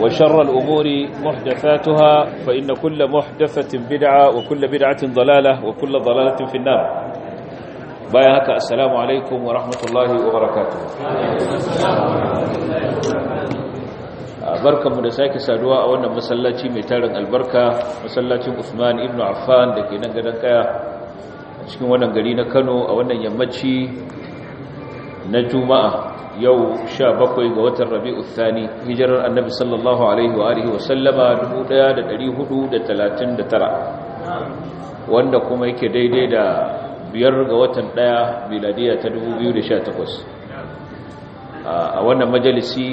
وشر الأمور محدثاتها فإن كل محدثة بدعة وكل بدعة ضلالة وكل ضلالة في النار بايهك السلام عليكم ورحمة الله وبركاته barkan mu da sake saduwa a wannan masallaci mai tarin albarka masallacin usman ibn Affan dake nan gadan kaya cikin wannan gari na Kano a wannan yammaci na juma'a yau 17 ga watan rabi'u thani hijirar annabi sallallahu alaihi wa alihi wa sallama 1439 wanda kuma yake daidai da biyar ga watan ɗaya miladiya ta 2018 a wannan majalisi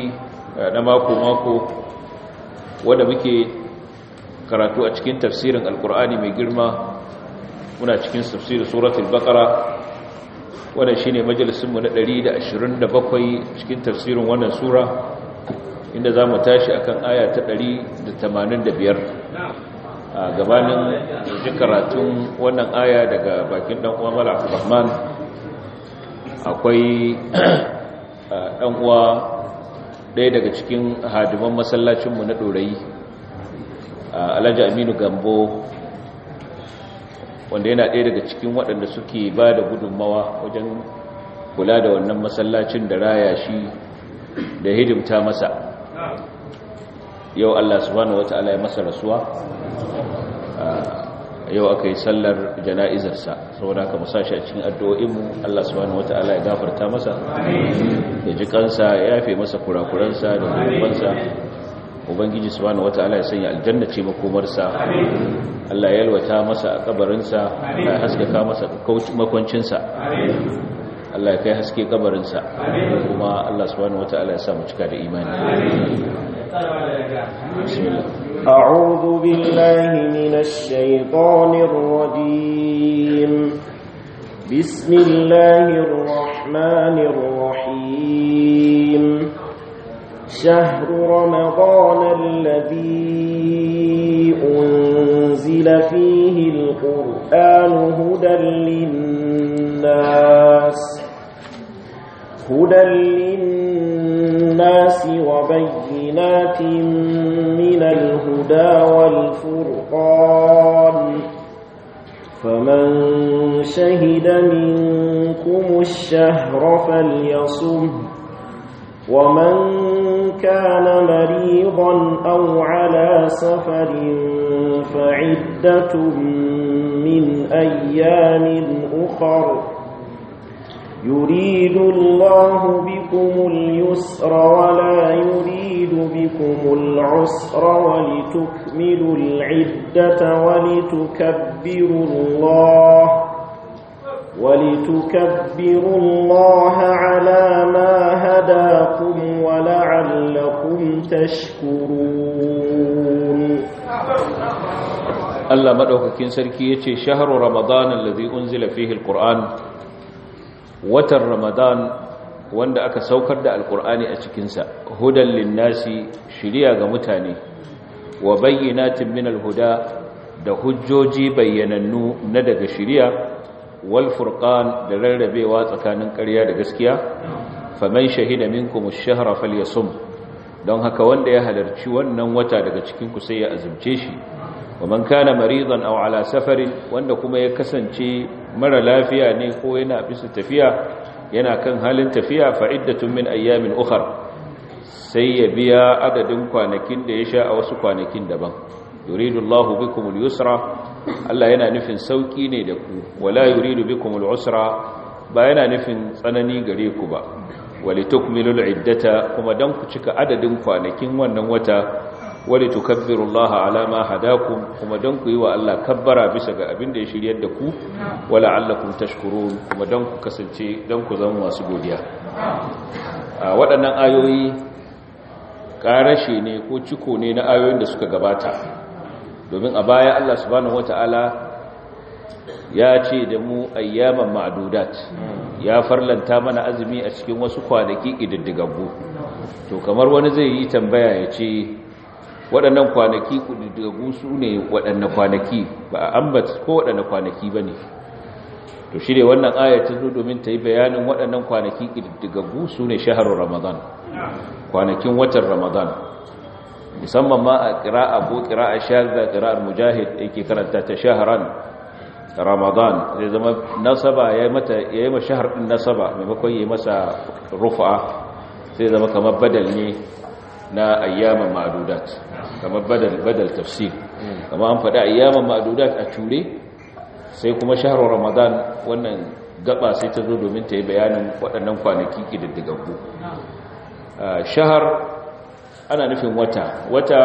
eh, na mako-mako wanda muke karatu a cikin tafsirin alkur'ani mai girma muna cikin tafsirin suratul baqara wannan shine majalisin mu na 127 cikin tafsirin wannan sura inda za mu tashi akan aya ta 185 a gabanin ji karatun wannan aya daga bakin dan uwa Mala rahman akwai dan uwa ɗaya daga cikin hadiman masallacinmu mu na ɗorayi, Alhaji Aminu Gambo wanda yana ɗaya daga cikin waɗanda suke ba da gudunmawa wajen kula da wannan masallacin da raya shi da hidimta masa yau Allah subhanahu wata'ala ya masa rasuwa ah, yau aka yi sallar jana'izarsa saboda haka musashi a cikin addu'o'inmu Allah subhanahu wata'ala ya gafarta masa ya jikansa ya yafe masa kurakuransa da gudubansa ubangiji subhanahu wataala ya sanya aljanna ce makomarsa Allah ya yalwata masa a kabarinsa Allah ya haskaka masa makwancinsa Allah ya kai haske kabarinsa kuma Allah subhanahu wataala ya sa mu cika da imani bismillah a'udhu billahi minash shaitanir rajim bismillahir rahmanir rahim شهر رمضان الذي أنزل فيه القرآن هدى للناس هدى للناس وبينات من الهدى والفرقان فمن شهد منكم الشهر فليصم ومن كان مريضا أو على سفر فعدة من أيام أخر يريد الله بكم اليسر ولا يريد بكم العسر ولتكملوا العدة ولتكبروا الله ولتكبروا الله على ما هداكم ولعلكم تشكرون الله مدوكاكين سركي يتي شهر رمضان الذي أنزل فيه القرآن وتر رمضان وان أكا سوكر دا القرآن أتكنسا هدى للناس شريا غمتاني وبينات من الهدى da hujjoji bayyanannu na daga shiriya wal furqan da rarrabewa tsakanin ƙarya da gaskiya faman shahida minkum ash-shahra falyasum don haka wanda ya halarci wannan wata daga cikin ku sai ya azumce shi waman kana maridan aw ala safarin wanda kuma ya kasance mara lafiya ne ko yana bisa tafiya yana kan halin tafiya fa iddatun min ayyamin ukhra sai ya biya adadin kwanakin da ya sha a wasu kwanakin daban yuridu Allahu bikum al-yusra Allah yana nufin sauki ne da ku wala yuridu bikum al-usra ba yana nufin tsanani gare ku ba walitukmilu al-iddata kuma dan ku cika adadin kwanakin wannan wata walitukabbiru Allah ala ma hadakum kuma dan ku yi wa Allah kabbara bisa ga abin da ya shiryar da ku wala tashkurun kuma dan ku kasance dan ku zama masu godiya a waɗannan ayoyi ƙarashe ne ko ciko ne na ayoyin da suka gabata domin a baya Allah subhanahu wata'ala ya ce da mu ayyaman ma'dudat ya farlanta mana azumi a cikin wasu kwanaki kididdigaggu to kamar wani zai yi tambaya ya ce waɗannan kwanaki kididdigaggu su ne waɗanne kwanaki ba a ambata ko waɗanne kwanaki ba ne to shi ne wannan ayar zo domin ta yi bayanin waɗannan kwanaki ƙididdigaggu su ne shaharar ramadan kwanakin watan ramadan musamman ma a ƙira'a ko ƙira'a shahada ƙira'ar mujahid yake karanta ta shaharan ramadan zai zama nasaba ya yi ma shahar ɗin nasaba maimakon yi masa rufa sai zama kamar badal ne na ayyaman ma'adudat kamar badal badal tafsir kama an faɗi ayyaman ma'adudat a cure sai kuma shahar ramadan wannan gaba sai ta zo domin ta yi bayanin waɗannan kwanaki ƙididdigaggu shahar ana nufin wata wata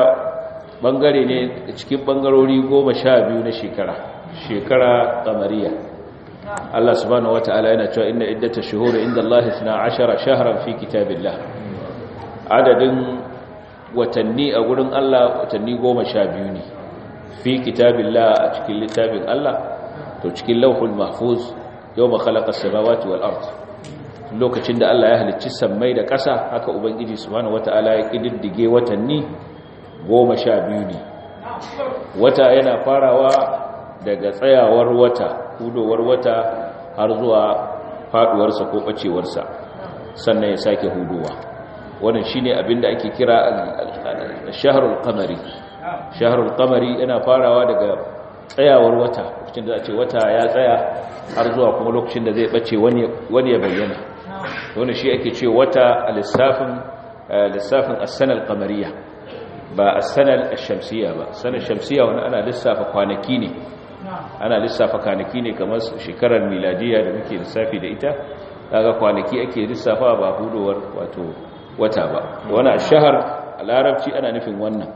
bangare ne cikin bangarori goma sha biyu na shekara shekara kamariya Allah subhanahu wata'ala yana cewa inna iddata shuhuri inda Allah suna ashara shaharar fi kitabillah adadin watanni a gurin Allah watanni goma sha biyu ne fi kitabillah a cikin littafin Allah to cikin lauhul mahfuz yau ma samawati wal ardh lokacin da Allah ya halicci sammai da ƙasa haka ubangiji subhanahu wata'ala ya kididdige watanni goma sha biyu ne wata yana farawa daga tsayawar wata hudowar wata har zuwa faduwarsa ko bacewarsa sannan ya sake hudowa wannan shine abin da ake kira shahrul qamari shahrul qamari yana farawa daga tsayawar wata lokacin da a ce wata ya tsaya har zuwa kuma lokacin da zai bace wani ya bayyana wani shi ake ce wata lissafin eh, lissafin as-sanal ba as-sanal ba sanar shamsiyya wani ana lissafa kwanaki ne ana lissafa kwanaki ne kamar shekarar miladiya da muke lissafi da ita kaga kwanaki ake lissafa ba hudowar wato wata ba wani ash a larabci ana nufin wannan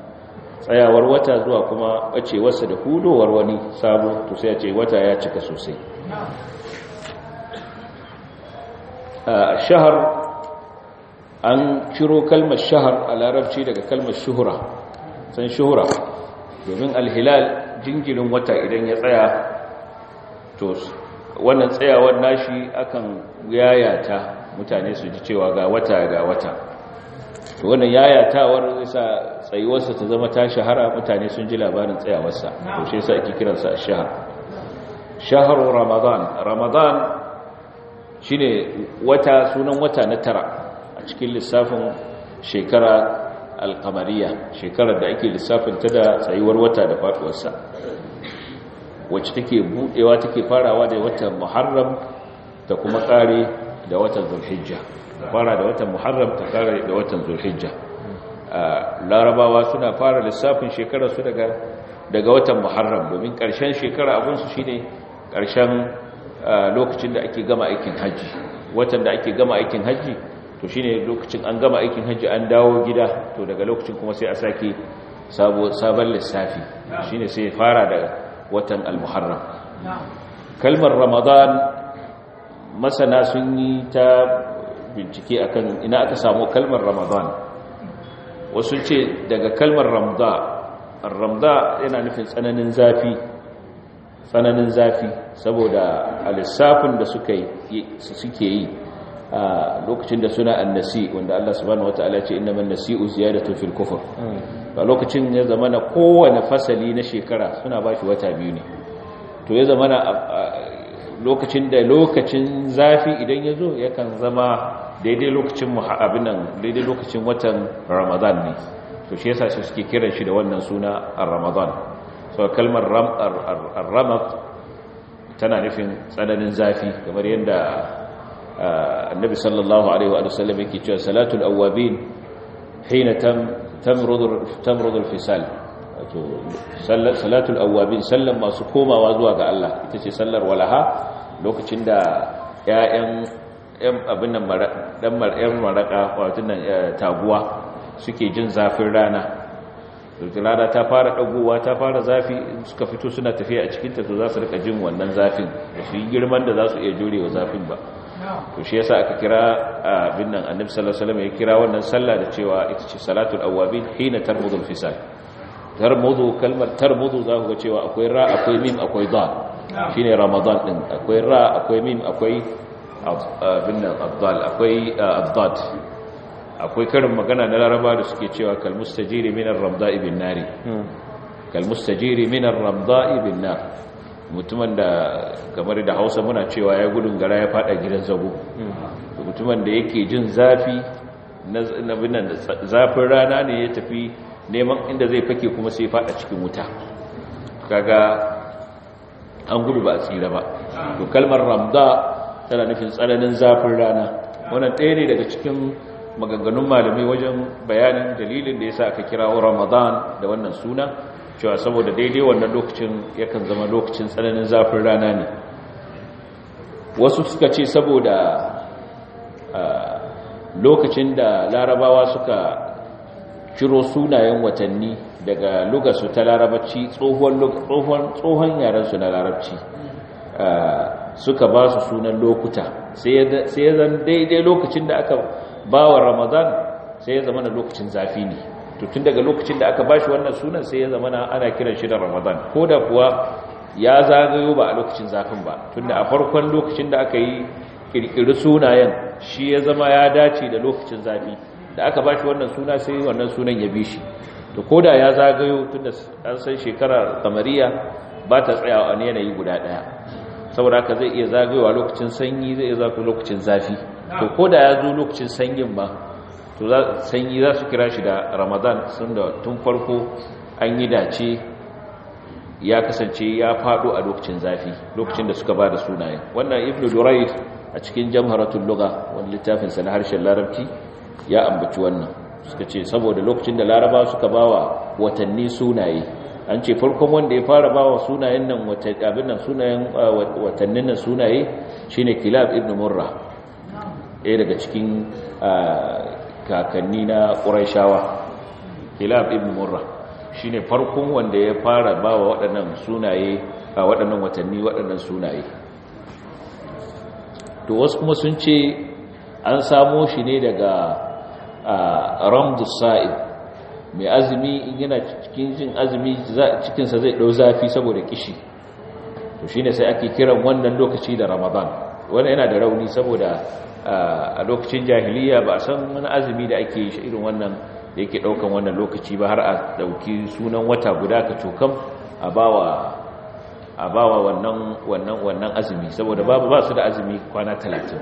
tsayawar wata zuwa kuma bacewarsa da hudowar wani sabo to sai ya ce wata ya cika sosai shahar an ciro kalmar shahar a larabci daga kalmar shuhura san shuhura domin alhilal jingirin wata idan ya tsaya to wannan tsayawar nashi akan yayata mutane su ji cewa ga wata ga wata to wannan yayatawar yasa tsayuwarsa ta zama ta shahara mutane sun ji labarin tsayawarsa to shi yasa ake kiransa shahar shahar ramadan ramadan shine wata sunan wata na tara a cikin lissafin shekara alkamariya shekarar da ake lissafin ta da tsayuwar wata da faɗuwarsa, wacce take budewa take farawa da watan muharram ta kuma kare da watan zulhijja fara da watan muharram ta kare da watan zulhijja larabawa suna fara lissafin shekarar su daga daga watan muharram domin karshen shekara abunsu shine karshen lokacin da ake gama aikin hajji watan da ake gama aikin hajji to shine lokacin an gama aikin hajji an dawo gida to daga lokacin kuma sai a sake sabon lissafi shine sai fara da watan al-muharram kalmar ramadan masana sun yi ta bincike akan ina aka samu kalmar ramadan wasu ce daga kalmar ramda ramda yana nufin tsananin zafi tsananin zafi saboda lissafin da suke yi a lokacin da suna annasi wanda Allah subhanahu wataala ce innamal nasi'u ziyadatu fil kufr a lokacin ya zamana kowane fasali na shekara suna bashi wata biyu ne to ya zamana lokacin da lokacin zafi idan ya zo yakan zama daidai lokacin abin nan daidai lokacin watan ramadan ne to shi yasa suke kiran shi da wannan suna ramadan so kalmar ramat tana nufin tsananin zafi kamar yadda uh, annabi sallallahu alaihi wa sallam yake cewa salatul awwabin hina tamrudu fisal wato salatul awwabin sallan masu komawa zuwa ga Allah ita ce sallar walaha lokacin da ƴaƴan ƴan abin nan maraƙa wato nan eh, taguwa suke jin zafin rana sautin rana ta fara ɗagowa ta fara zafi suka fito suna tafiya a cikinta to za su rika jin wannan zafin da shi girman da za su iya jurewa zafin ba to shi yasa aka kira abin nan annabi sallallahu alaihi wasallam ya kira wannan sallah da cewa ita ce salatul awabin hina tarmudul fisal tarmudu kalmar tarmudu za ku ga cewa akwai ra akwai mim akwai dal shine ramadan din akwai ra akwai mim akwai abin nan abdal akwai abdad akwai karin magana na laraba da suke cewa kalmustajiri minar ramda ibin nari hmm. kalmustajiri minar ramda ibin nar mutumin da kamar da hausa muna cewa ya gudun gara ya fada gidan zago hmm. mutumin da yake jin zafi na binan zafin rana ne ya tafi neman inda zai fake kuma sai fada cikin wuta kaga an gudu ba a tsira ba to kalmar ramda tana nufin tsananin zafin rana wannan ɗaya ne daga cikin maganganun malamai wajen bayanin dalilin da ya sa aka kira Ramadan da wannan suna cewa saboda daidai wannan lokacin yakan zama lokacin tsananin zafin rana ne wasu suka ce saboda lokacin da larabawa suka ciro sunayen watanni daga lugasu ta larabci tsohon yarensu na larabci suka ba su sunan lokuta sai zan daidai lokacin da aka bawan ramadan sai ya zama na lokacin zafi ne to tun daga lokacin da aka bashi wannan sunan sai ya zama na ana kiran shi da ramadan ko da kuwa ya zagayo ba a lokacin zafin ba tunda a farkon lokacin da aka yi kirkiri sunayen shi ya zama ya dace da lokacin zafi da aka bashi wannan suna sai wannan sunan ya bi shi to da ya zagayo tun da an san shekarar kamariya ba ta tsayawa a yanayi guda ɗaya. saboda haka zai iya zagayowa lokacin sanyi zai iya zafi lokacin zafi to ko da ya zo lokacin sanyin ma to sanyi za su kira shi da ramadan sun da tun farko an yi dace ya kasance ya fado a lokacin zafi lokacin da suka ba da sunaye wannan ibn durayd a cikin jamharatul lugha wani littafin sa na harshen larabci ya ambaci wannan suka ce saboda lokacin da laraba suka bawa watanni sunaye an ce farkon wanda ya fara bawa sunayen nan abin nan sunayen uh, watannin nan sunaye shine kilab ibn murra ɗaya daga cikin uh, kakanni na ƙuraishawa kilab ibn murra shine farkon wanda ya fara bawa waɗannan sunaye a uh, waɗannan watanni waɗannan sunaye to wasu kuma sun ce an samo shi ne daga ramdus sa'id mai azumi in yana cikin jin azumi cikinsa zai ɗau zafi saboda kishi to shi sai ake kiran wannan lokaci da ramadan Wannan yana da rauni saboda a lokacin jahiliya ba a san wani azumi da ake yi irin wannan da yake ɗaukan wannan lokaci ba har a ɗauki sunan wata guda ka cokam a bawa a wannan wannan azumi saboda babu ba su da azumi kwana talatin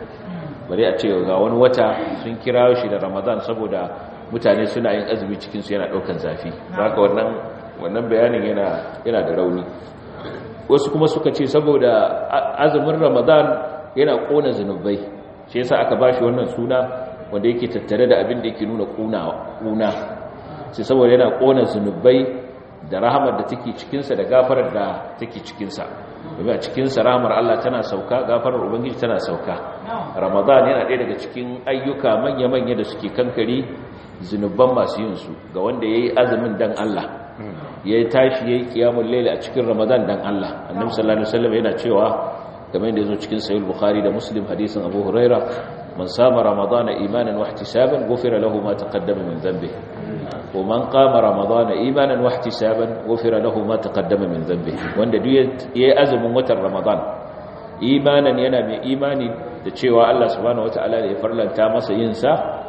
bari a ce ga wani wata sun kira shi da ramadan saboda mutane suna yin azumi cikinsu yana ɗaukan zafi haka wannan bayanin yana da rauni wasu kuma suka ce saboda azumin ramadan yana ƙona zunubai shi yasa aka ba shi wannan suna wanda yake tattare da abin da yake nuna ƙuna sai saboda yana ƙona zunubai da rahamar da take cikinsa da gafarar da take cikinsa domin a cikinsa rahamar Allah tana sauka gafarar Ubangiji tana sauka ramadan yana ɗaya daga cikin ayyuka manya-manya da suke kankari zunuban masu yin su ga wanda yayi azumin dan Allah hmm. yayi tashi yayi qiyamul layl a cikin ramadan dan Allah annabi sallallahu alaihi wasallam yana cewa kamar yadda yazo cikin sahih bukhari da muslim hadisin abu huraira man sama ramadana imanan wa ihtisaban ghufira lahu ma taqaddama min dhanbihi wa man qama ramadana imanan wa ihtisaban ghufira lahu ma taqaddama min dhanbihi wanda duk yayi azumin watan ramadan imanan yana mai imani da cewa Allah subhanahu wataala ya farlanta masa yin sa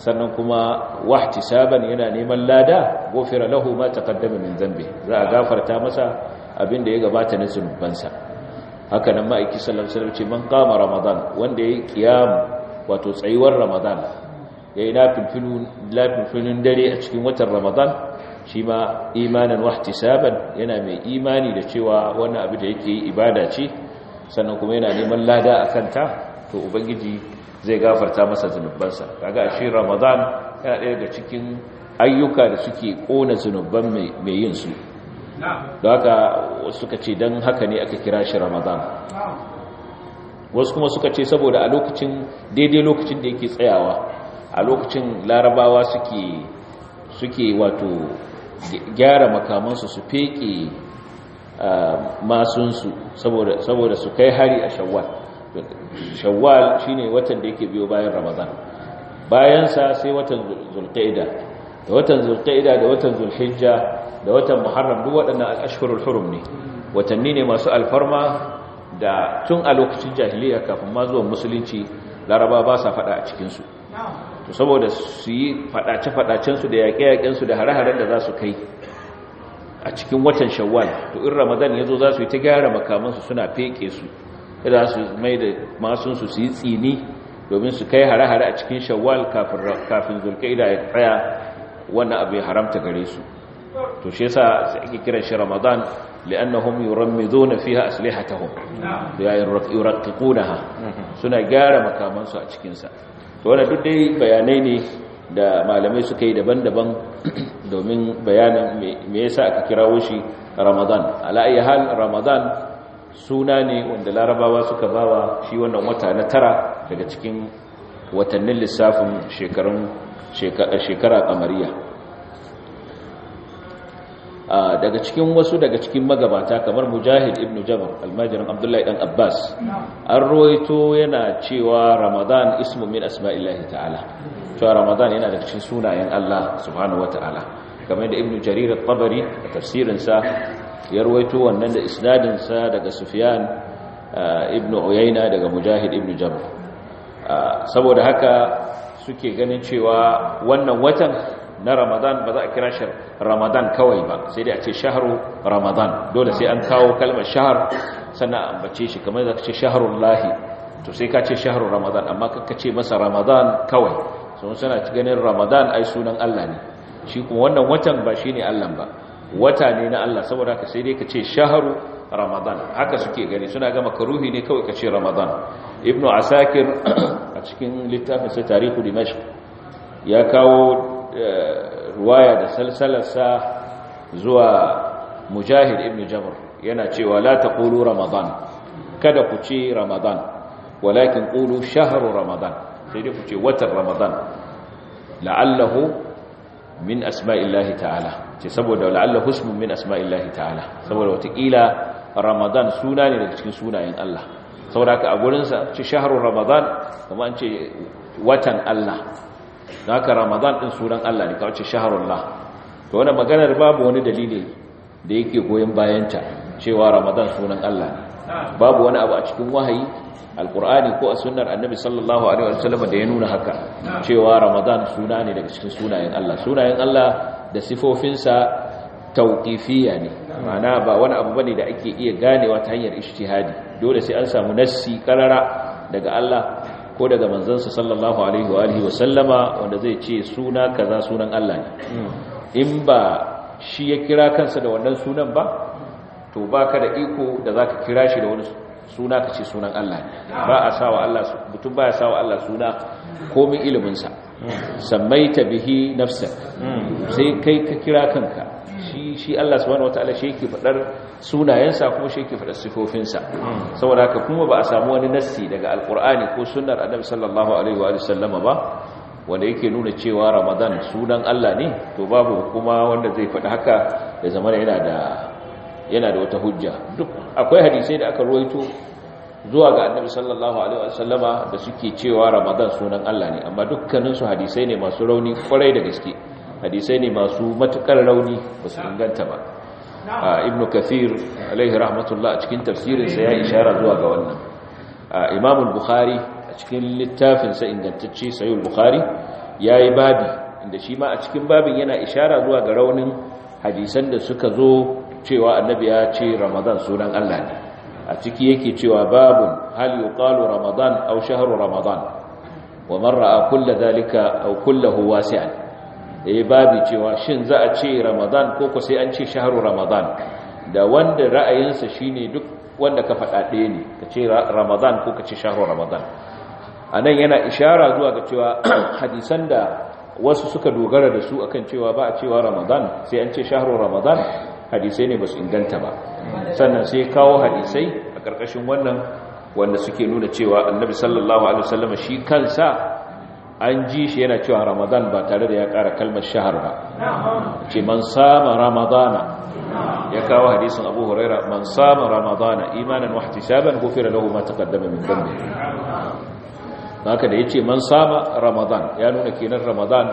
sannan kuma wahtisaban yana neman lada gofira lahu ma taqaddama min dhanbi za a gafarta masa abinda ya gabata na zunubansa haka nan ma'aiki sallallahu alaihi wasallam ce man qama ramadan wanda yayi qiyam wato tsayuwar ramadan yayi nafilfilun nafilfilun dare a cikin watan ramadan shi ma imanan wahtisaban yana mai imani da cewa wannan abin da yake yi ibada ce sannan kuma yana neman lada akan ta to ubangiji zai gafarta masa zunubansa kaga shi ramadan yana ɗaya daga cikin ayyuka da suke ƙona zunuban mai yin su haka suka ce don haka ne aka kira shi ramadan wasu kuma suka ce saboda a lokacin daidai lokacin da yake tsayawa a lokacin larabawa suke wato gyara makamansu su feke ah, masunsu saboda su kai hari a shawar. shawwal shine watan da yake biyo bayan ramadan bayan sa sai watan zulqa'ida da watan zulqa'ida da watan zulhijja da watan muharram duk waɗannan al-ashhurul hurum ne watanni ne masu alfarma da tun a lokacin jahiliya kafin ma zuwan musulunci laraba ba sa fada a cikin su to saboda su yi fadace fadacen su da yaƙe-yaƙen su da hare-haren da za su kai a cikin watan shawwal to in ramadan yazo za su yi ta gyara makamansu suna feke su kada su mai da masun su yi tsini domin su kai hare-hare a cikin shawwal kafin zulkaida ya tsaya wannan abu ya haramta gare su to shi yasa ake kiran shi ramadan li'annahum yurammiduna fiha aslihatahum ya yuraqiqunaha suna gyara makaman su a cikin sa to wannan duk dai bayanai ne da malamai suka yi daban-daban domin bayanin me yasa aka kirawo shi ramadan ala ayi ramadan suna ne wanda larabawa suka bawa shi wannan wata na tara daga cikin watannin lissafin shekarun shekara kamariya daga cikin wasu daga cikin magabata kamar mujahid ibn jabar almajirin abdullahi dan abbas an ruwaito yana cewa ramadan ismu min asma'illahi ta'ala cewa ramadan yana daga cikin sunayen allah subhanahu wa ta'ala kamar da ibn jarir al-tabari a tafsirinsa ya ruwaito wannan da isnadin sa daga Sufyan uh, ibn Uyayna daga Mujahid ibn Jabr uh, saboda haka suke ganin cewa wannan watan na Ramadan ba za a kira shi Ramadan kawai ba sai dai a ce shahru Ramadan dole sai an kawo kalmar shahar sannan bace shi kamar zaka ce lahi, to sai ka ce shahrul ramadan amma ka ce masa ramadan kawai sun suna ganin ramadan ai sunan Allah ne shi kuma wannan watan ba shine Allah ba wata ne na Allah saboda ka sai dai ka ce shaharu ramadan haka suke gani suna gama karuhi ne kawai ka ce ramadan ibnu asakir a cikin littafin sa tarihu dimashq ya kawo eh, ruwaya da salsalarsa zuwa mujahid ibnu jabr yana cewa la taqulu ramadan kada ku ce ramadan walakin qulu shahru ramadan sai dai ku ce watan ramadan la'allahu min asma'illahi ta'ala ce saboda la'alla husmun min asma'illahi ta'ala saboda watakila ramadan suna ne daga cikin sunayen Allah saboda haka a gurinsa ce shahrul ramadan kuma an ce watan Allah don haka ramadan ɗin sunan Allah ne kawai ce shahrul la to wani maganar babu wani dalili da yake goyon bayanta cewa ramadan sunan Allah ne babu wani abu a cikin wahayi alqur'ani ko a sunnar annabi sallallahu alaihi wasallam da ya nuna haka cewa ramadan suna ne daga cikin sunayen Allah sunayen Allah da sifofinsa tauƙifiya ne mana ba wani abu bane da ake iya ganewa ta hanyar ijtihadi dole sai an samu nassi karara daga Allah ko daga manzansa sallallahu alaihi wa alihi wa sallama wanda zai ce suna kaza sunan Allah ne in ba shi ya kira kansa da wannan sunan ba to baka da iko da zaka kira shi da wani suna kace sunan Allah ba a sawa Allah mutum ba ya sawa Allah suna komai ilimin sa sammaita bihi nafsa sai kai ka kira kanka shi shi Allah subhanahu wataala shi yake fadar sunayensa kuma shi yake fadar sifofinsa saboda haka kuma ba a samu wani nassi daga alqur'ani ko sunnar annabi sallallahu alaihi wa sallama ba wanda yake nuna cewa ramadan sunan Allah ne to babu kuma wanda zai faɗi haka da zama yana yana da wata hujja duk akwai hadisai da aka ruwaito zuwa ga annabi sallallahu alaihi wasallama da suke cewa ramadan sunan Allah ne amma dukkanin su hadisai ne masu rauni kwarai da gaske hadisai ne masu matukar rauni ba su inganta ba ah, ibnu kathir alaihi rahmatullah a cikin tafsirin sa ya ishara zuwa ga wannan ah, imam al-bukhari a cikin littafin sa ingantacce sahih al-bukhari yayi babi inda shi ma a cikin babin yana ishara zuwa ga raunin hadisan da suka zo cewa annabi ya ce ramadan sunan Allah ne a ciki yake cewa babu hal yuqalu ramadan aw shahru ramadan wa marra kull kulla aw kulluhu wasi'an eh babu cewa shin za a ce ramadan ko ko sai an ce shahru ramadan da wanda ra'ayinsa shine duk wanda ka faɗa ɗaya ne ka ce ramadan ko ka ce shahru ramadan anan yana ishara zuwa ga cewa hadisan da wasu suka dogara da su akan cewa ba a cewa ramadan sai an ce shahru ramadan hadisai ne ba su inganta ba sannan sai kawo hadisai a ƙarƙashin wannan wanda suke nuna cewa annabi sallallahu alaihi wasallam shi kansa an ji shi yana cewa ramadan ba tare da ya ƙara kalmar shahar ba ce man sama ramadana ya kawo hadisin abu huraira man sama ramadana imanin wahti shaban gofira lahu ma taqaddama min dhanbi haka da yace man sama ramadan ya nuna kenan ramadan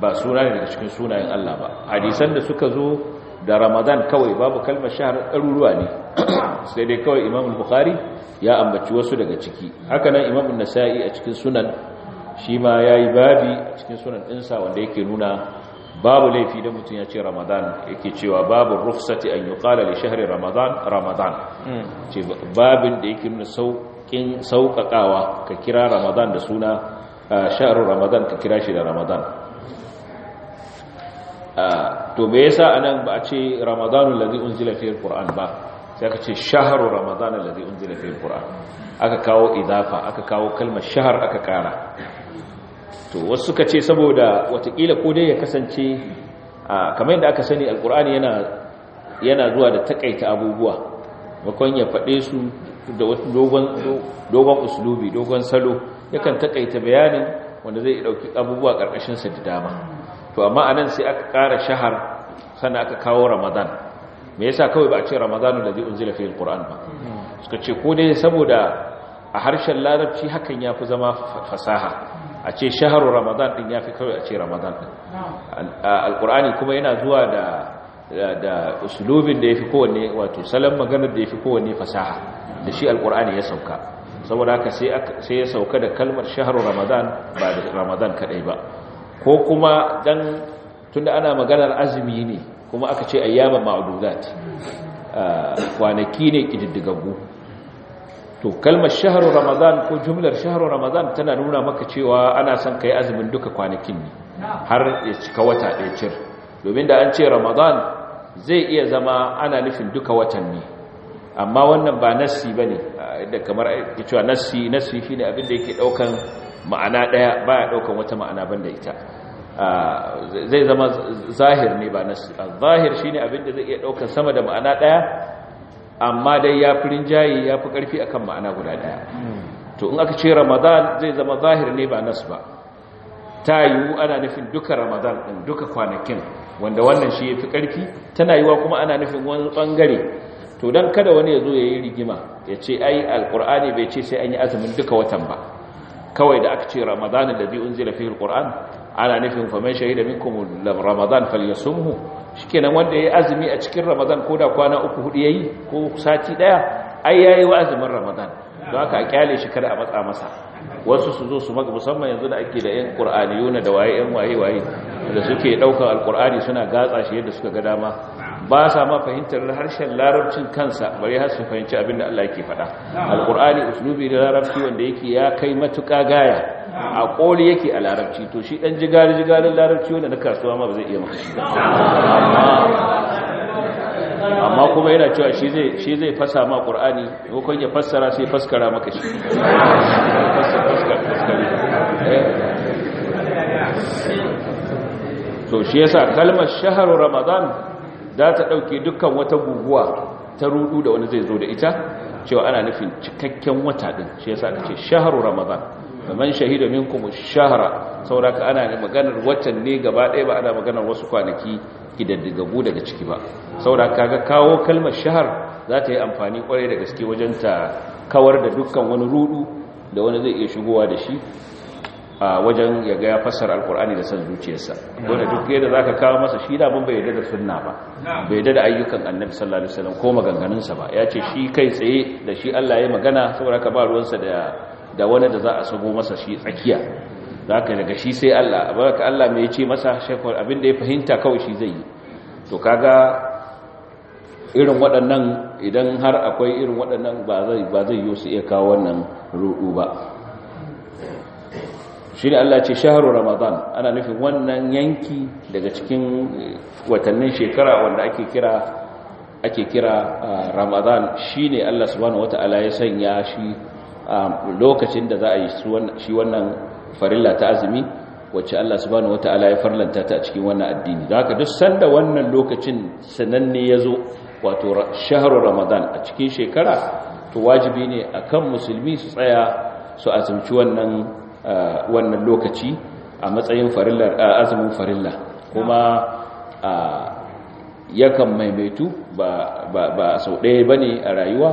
ba suna ne daga cikin sunayen Allah ba hadisan da suka zo da ramadan kawai babu kalmar shahar ɗaruruwa ne sai dai kawai imam bukhari ya ambaci wasu daga ciki haka nan imam nasa'i a cikin sunan shi ma ya yi babi a cikin sunan ɗinsa wanda yake nuna babu laifi da mutum ya ce ramadan yake cewa babu rufsati an yi ƙala da shahar ramadan ramadan hmm. babin da yake nuna sauƙaƙawa ka kira ramadan da suna shahar ramadan ka kira shi da ramadan Ah, to me yasa anan ba a ce ramadanul ladhi unzila fihi alquran ba sai aka ce shahru ramadanul ladhi unzila fihi alquran aka kawo idafa aka kawo kalmar shahar aka kara to wasu suka ce saboda watakila ko dai ya kasance ah, kamar yadda aka sani alqurani yana yana zuwa da takaita abubuwa bakon ya faɗe su da dogon dogon uslubi dogon salo yakan takaita bayanin wanda zai dauki abubuwa karkashin sa da dama to amma anan sai aka ƙara shahar sannan aka kawo ramadan me yasa kawai ba a ce ramadanu da zai unzila fi alquran ba suka ce ko dai saboda a harshen larabci hakan ya fi zama fasaha a ce shaharu ramadan din ya fi kawai a ce ramadan din kuma yana zuwa da da da ya fi kowanne wato salon maganar da ya fi kowanne fasaha da shi alkur'ani ya sauka saboda haka sai ya sauka da kalmar shaharu ramadan ba da ramadan kadai ba ko kuma dan tunda ana maganar azumi ne kuma aka ce ayyama ma'dudat kwanaki ne kididdigaggu to kalmar shahar ramadan ko jumlar shahar ramadan tana nuna maka cewa ana son kai azumin duka kwanakin ne har ya cika wata ɗaya cir domin da an ce ramadan zai iya zama ana nufin duka watan ne amma wannan ba nassi ba da kamar cewa nassi nassi shine abin da yake ɗaukan ma'ana daya ya daukan wata ma'ana banda ita zai zama zahir ne ba nasi zahir shi abin da zai iya daukan sama da ma'ana daya amma dai ya fi rinjaye ya fi karfi akan ma'ana guda daya to in aka ce ramadan zai zama zahir ne ba nas ba ta yiwu ana nufin duka ramadan din duka kwanakin wanda wannan shi ya fi karfi tana yiwa kuma ana nufin wani bangare to don kada wani ya zo ya yi rigima ya ce ai alkur'ani bai ce sai an yi azumin duka watan ba kawai da aka ce ramadan alladhi unzila fihi alquran ana nufin fa man shahida minkum ramadan falyasumhu shikenan wanda yayi azumi a cikin ramadan ko da kwana uku hudu yayi ko sati daya ai yayi wa azumin ramadan don haka a kyale shi kada a matsa masa wasu su zo su maka musamman yanzu da ake da yan qur'aniyuna da waye yan waye waye da suke daukar alqur'ani suna gatsa shi yadda suka ga dama ba sa ma fahimtar harshen larabcin kansa bari har su fahimci abin da Allah yake faɗa alqur'ani uslubi da larabci wanda yake ya kai matuƙa gaya a koli yake a larabci to shi dan jigari larabci wanda na kasuwa ma ba zai iya maka amma kuma yana cewa shi zai shi zai fasa ma qur'ani ko ya fassara sai faskara maka shi eh. to shi yasa kalmar shahar ramadan za ta ɗauke dukkan wata guguwa ta rudu da wani zai zo da ita cewa ana nufin cikakken wata ɗin shi yasa aka ce shaharu ramadan man shahida minkum shahara sauraka ana ne maganar watan ne gaba ɗaya ba ana maganar wasu kwanaki kidaddigabu daga ciki ba sauraka ga kawo kalmar shahar za ta yi amfani kwarai da gaske wajen ta kawar da dukkan wani rudu da wani zai iya shigowa da shi a wajen ya ga ya alkur'ani da san zuciyarsa wanda duk yadda zaka kawo masa shi da mun bai yadda da sunna ba bai yadda da ayyukan annabi sallallahu alaihi wasallam ko maganganunsa ba ya ce shi kai tsaye da shi Allah ya magana saboda ka ba ruwansa da da wani da za a sabo masa shi tsakiya zaka daga shi sai Allah baraka Allah me ce masa shekwa abin da ya fahimta kawai shi zai yi to kaga irin waɗannan idan har akwai irin waɗannan ba zai ba zai yi su iya kawo wannan ruɗu ba shi ne Allah ce shaharu ramadan ana nufin wannan yanki daga cikin eh, watannin shekara wanda ake kira ake kira ah, ramadan shi ne Allah subhanahu wata'ala ya sanya shi ah, lokacin da za a yi shi wannan farilla ta azumi wacce Allah subhanahu wata'ala ya farlanta ta a cikin wannan addini don haka duk sanda wannan lokacin sananne ya zo wato shaharu ramadan a cikin shekara to wajibi ne akan musulmi su tsaya su azumci wannan wannan lokaci a matsayin farillar azumin farilla kuma yakan maimaitu ba sau ɗaya ba ne a rayuwa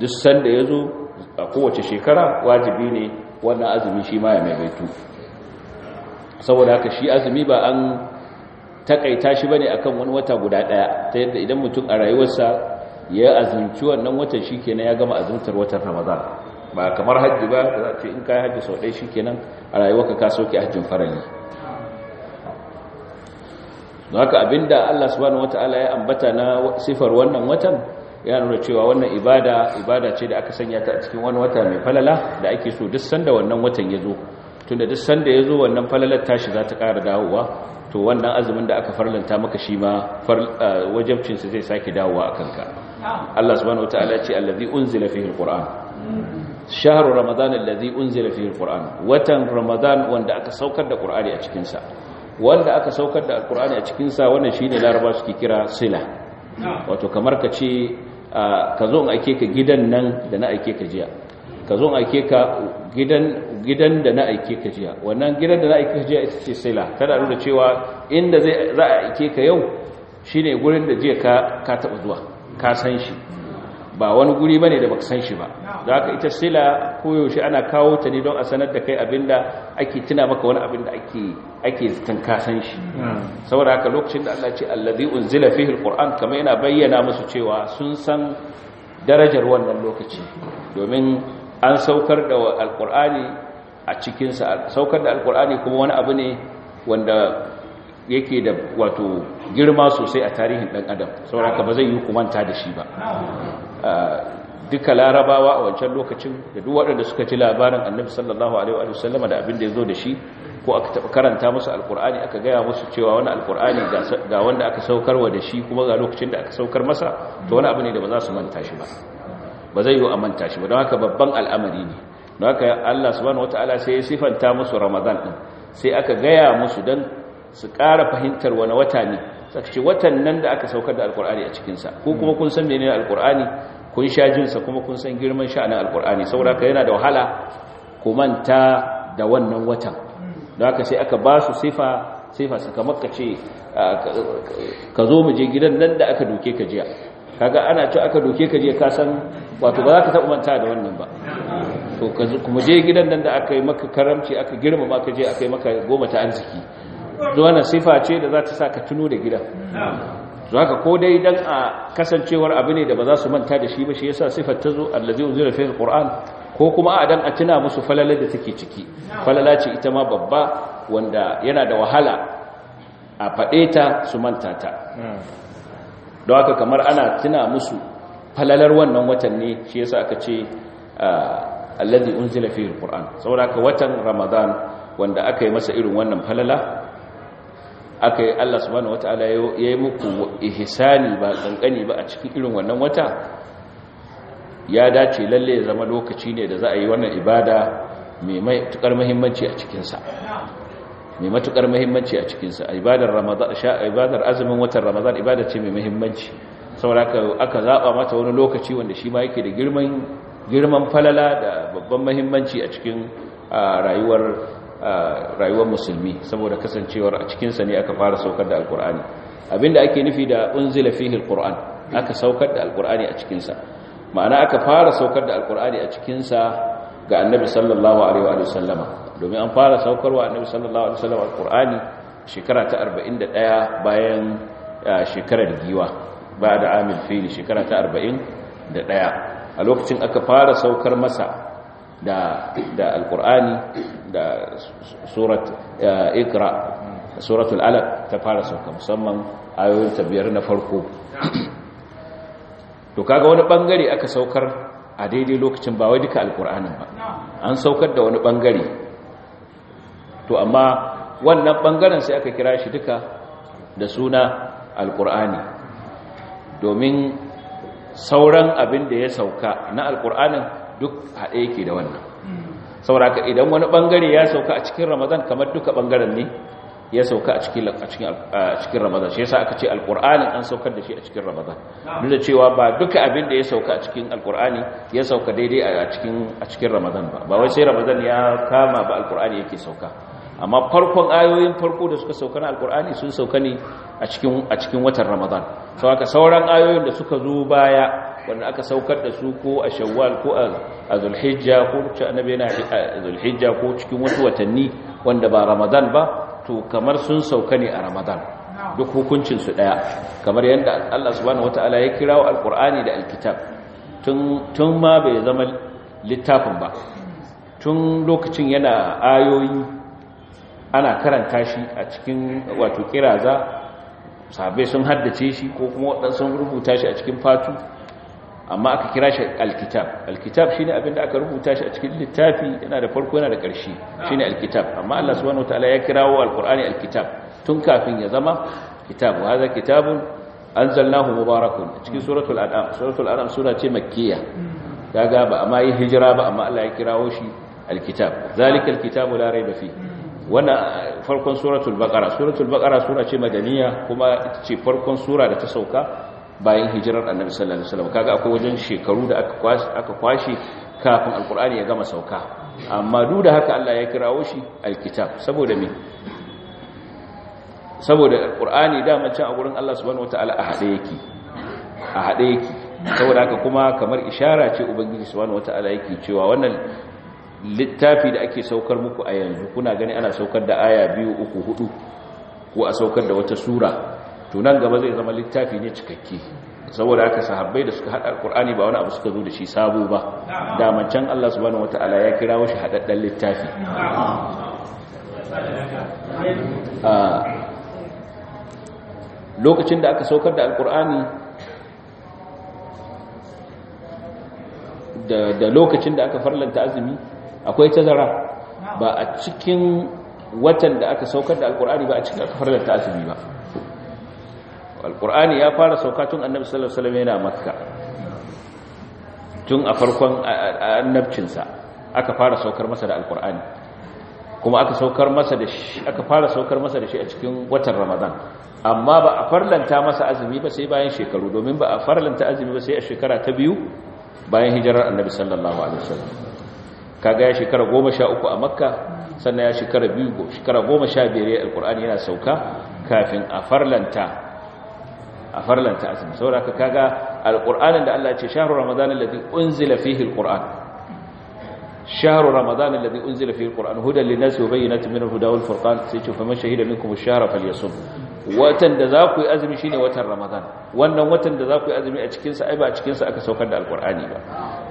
duk sanda ya zo a kowace shekara wajibi ne wannan azumi shi ma ya maimaitu saboda haka shi azumi ba an takaita shi ba bane akan wani wata guda ɗaya, ta yadda idan mutum a rayuwarsa ya azumci wannan watan shi na ya gama azumtar watan Ramadan ba kamar hajji ba da za ce in kayi hajji sau ɗai shi kenan a rayuwa ka soke hajjin farali don haka da Allah subhanahu wata'ala ya ambata na sifar wannan watan ya nuna cewa wannan ibada ibada ce da aka sanya ta a cikin wani wata mai falala da ake so duk sanda wannan watan ya zo tunda duk sanda ya zo wannan falalar tashi za ta ƙara dawowa to wannan azumin da aka farlanta maka shi ma wajabcinsa zai sake dawowa a kanka Allah subhanahu wata'ala ce allazi unzila fihi alquran hmm. shahru ramadan allazi unzila fihi alquran watan ramadan wanda aka saukar da qur'ani a cikin sa wanda aka saukar da alqur'ani a cikin sa wannan shine laraba suke kira sila wato kamar ka ce ka zo in aike ka gidan nan da na aike ka jiya ka zo in aike ka gidan gidan da na aike ka jiya wannan gidan da na aike ka jiya ita ce sila a nuna cewa inda zai za a aike ka yau shine gurin da jiya ka ka taba zuwa ka san shi ba wani guri ne da baka san shi ba da haka ita sila koyaushe ana kawo ta ne don a sanar da kai abinda ake tuna maka wani abin da ake ake zaton kasan shi saboda haka lokacin da Allah ce allazi unzila fihi alquran kamar yana bayyana musu cewa sun san darajar wannan lokaci domin an saukar da alqurani a cikin sa saukar da alqurani kuma wani abu ne wanda yake da wato girma sosai a tarihin dan adam saboda haka ba zai yi kumanta da shi ba duka larabawa a wancan lokacin da duk waɗanda suka ji labarin annabi sallallahu alaihi wa sallama da abin da ya zo da shi ko aka karanta musu alkur'ani aka gaya musu cewa wani alkur'ani ga wanda aka saukarwa da shi kuma ga lokacin da aka saukar masa to wani abu ne da ba za su manta shi ba ba zai yi a manta shi ba don haka babban al'amari ne don haka Allah subhanahu wataala sai ya sifanta musu ramadan din sai aka gaya musu dan su ƙara fahimtar wani wata ne saka watan nan da aka saukar da alkur'ani a cikinsa ko kuma kun san menene alkur'ani kun sha jinsa kuma kun san girman sha'anin alkur'ani saboda yana da wahala ku manta da wannan watan da haka sai aka ba su sifa sifa sakamakka ce ka zo mu je gidan nan da aka doke ka jiya kaga ana ci aka doke ka jiya ka san wato ba za ka taɓa manta da wannan ba to kuma je gidan nan da aka yi maka karamci aka girmama ka je aka yi maka goma ta arziki zuwa sifa ce da za ta sa ka tuno da gida. za ka ko dai don a kasancewar abu ne da ba za su manta da shi ba shi yasa sifar ta zo allazi da fesa ƙoran ko kuma a dan a tuna musu falala da take ciki falala ce ita ma babba wanda yana da wahala a faɗe ta su manta ta don haka kamar ana tuna musu falalar wannan watan ne shi yasa aka ce allazi unzila fi alquran saboda haka watan ramadan wanda aka yi masa irin wannan falala aka yi Allah subhanahu wataala ya yi muku ihisani ba kankani ba a cikin irin wannan wata ya dace lalle zama lokaci ne da za a yi wannan ibada mai matukar muhimmanci a cikinsa a ibadar azumin watan ramadan ibada ce mai muhimmanci saboda aka zaba mata wani lokaci wanda shi ma yake da girman falala da babban mahimmanci a cikin rayuwar rayuwar musulmi saboda kasancewar a cikinsa ne aka fara saukar da alkur'ani abinda ake nufi da unzila fihi alkur'an aka saukar da alkur'ani a cikinsa ma'ana aka fara saukar da alkur'ani a cikinsa ga annabi sallallahu alaihi wa sallama domin an fara saukarwa annabi sallallahu alaihi wa sallama alkur'ani shekara ta 41 bayan shekarar giwa ba da amil fili shekara ta 41 a lokacin aka fara saukar masa da da alqur'ani da surat eh, ikra suratul alaq ta fara sauka musamman ayoyin tabiyar na farko to kaga wani bangare aka saukar a daidai lokacin ba wai duka alqur'anin ba an saukar da wani bangare to amma wannan bangaren sai aka kira shi duka da suna alqur'ani domin sauran abin da ya sauka na alqur'anin duk haɗe yake da wannan sauraka idan wani ɓangare ya sauka a cikin ramadan kamar duka ɓangaren ne ya sauka a cikin ramadan shi yasa aka ce alqur'anin an saukar da shi a cikin ramadan duk da cewa ba duka abin da ya sauka a cikin Alƙur'ani ya sauka daidai a cikin ramadan ba ba wai sai ramadan ya kama ba Alƙur'ani yake sauka amma farkon ayoyin farko da suka sauka na Alƙur'ani sun sauka ne a cikin watan ramadan saboda sauran ayoyin da suka zo baya wanda aka saukar da su ko a shawwal ko a zulhijja ko annabi yana zulhijja ko cikin wasu watanni wanda ba ramadan ba to kamar sun sauka ne a ramadan duk hukuncin su daya kamar yadda Allah subhanahu wataala ya kirawo alqur'ani da alkitab tun tun ma bai zama littafin ba tun lokacin yana ayoyi ana karanta shi a cikin wato kiraza sabai sun haddace shi ko kuma waɗansu rubuta shi a cikin fatu amma aka kira shi alkitab alkitab shine abin da aka rubuta shi a cikin littafi yana da farko yana da ƙarshe shine alkitab amma Allah subhanahu wataala ya kirawo alqur'ani alkitab tun kafin ya zama kitab wa hadha kitabun anzalnahu mubarakun cikin suratul an'am suratul an'am sura ce makkiya kaga ba amma yi hijira ba amma Allah ya kirawo shi alkitab zalika alkitabu la rayba fi farkon suratul baqara suratul baqara sura ce madaniya kuma ce farkon sura da ta sauka bayan hijirar annabi sallallahu alaihi wasallam kaga akwai wajen shekaru da aka kwashi aka kwashi kafin alqur'ani ya gama sauka amma duk da haka Allah ya kirawo shi alkitab saboda me saboda alqur'ani da mace a gurin Allah subhanahu wataala a hade yake a hade yake saboda haka kuma kamar ishara ce ubangiji subhanahu wataala yake cewa wannan littafi da ake saukar muku a yanzu kuna gani ana saukar da aya biyu uku 4 ko a saukar da wata sura tunan gaba zai zama littafi ne cikakke saboda aka sahabbai da suka hada alkur'ani ba wani abu suka zo da shi sabo ba Da mancan Allah subhanahu wataala ya kira wa shi hadaddan littafi lokacin da aka saukar da alkur'ani da lokacin da aka farlanta azumi akwai tazara ba a cikin watan da aka saukar da alkur'ani ba a cikin aka farlanta azumi ba Alƙur'ani ya fara sauka tun annabi sallallahu alaihi wasallam yana makka tun a farkon annabcinsa aka fara saukar masa da Alƙur'ani kuma aka saukar masa da shi aka fara saukar masa da shi a cikin watan ramadan amma ba a farlanta masa azumi ba sai bayan shekaru domin ba a farlanta azumi ba sai a shekara ta biyu bayan hijirar annabi sallallahu alaihi wasallam kaga ya shekara 13 a makka sannan ya shekara 2 shekara 15 Alƙur'ani yana sauka kafin a farlanta a farlanta azumi saboda ka kaga alqur'anin da Allah ya ce shahru ramadan alladhi unzila fihi alqur'an shahru ramadan alladhi unzila fihi alqur'an hudan linnas wa bayyinatan min alhuda wal furqan sai ce faman shahida minkum ash-shahra falyasum watan da za ku yi azumi shine watan ramadan wannan watan da za ku yi azumi a cikinsa ai ba a cikinsa aka saukar da alkur'ani ba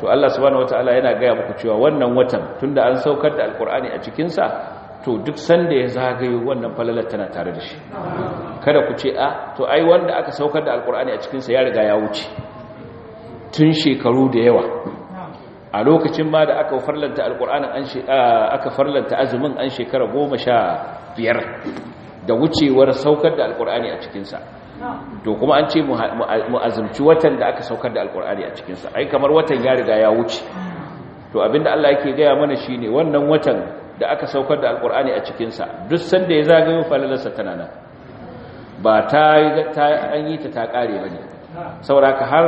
to Allah subhanahu wataala yana gaya muku cewa wannan watan tunda an saukar da alkur'ani a cikinsa to duk sanda ya zagayo wannan falalar tana tare da shi kada ku ce a to ai wanda aka saukar da alkur'ani a cikinsa ya riga ya wuce tun shekaru da yawa a lokacin ma da aka farlanta alkur'anin an aka farlanta azumin an shekara goma sha biyar da wucewar saukar da alkur'ani a cikinsa to kuma an ce mu azumci watan da aka saukar da alkur'ani a cikinsa ai kamar watan ya riga ya wuce to abinda Allah yake gaya mana shine wannan watan da aka saukar da alkur'ani a cikinsa duk sanda ya zagayo falalarsa tana nan ba ta an yi ta ta kare ba ne sauraka har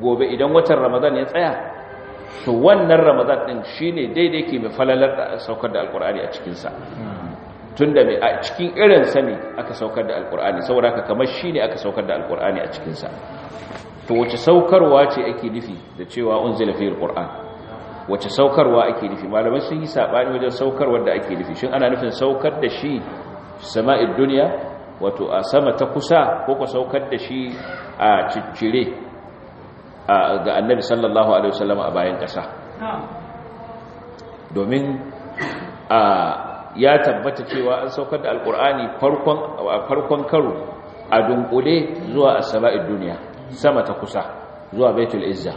gobe idan watan ramadan ya tsaya to wannan ramadan din shine daidai ke mai falalar saukar da alkur'ani a cikinsa tun da a cikin irin sani aka saukar da alkur'ani sauraka kamar shine aka saukar da alkur'ani a cikinsa to wace saukarwa ce ake nufi da cewa unzila fi alkur'an wace saukarwa ake nufi malamai sun yi sabani wajen saukarwar da ake nufi shin ana nufin saukar da shi sama'id duniya wato a sama ta kusa ko ka saukar da shi a ciccire ga annabi sallallahu alaihi wasallam a bayan kasa, domin ya tabbata cewa an saukar da alkur'ani farkon farkon karo a dunkule zuwa a samaid duniya sama ta kusa zuwa baitul izza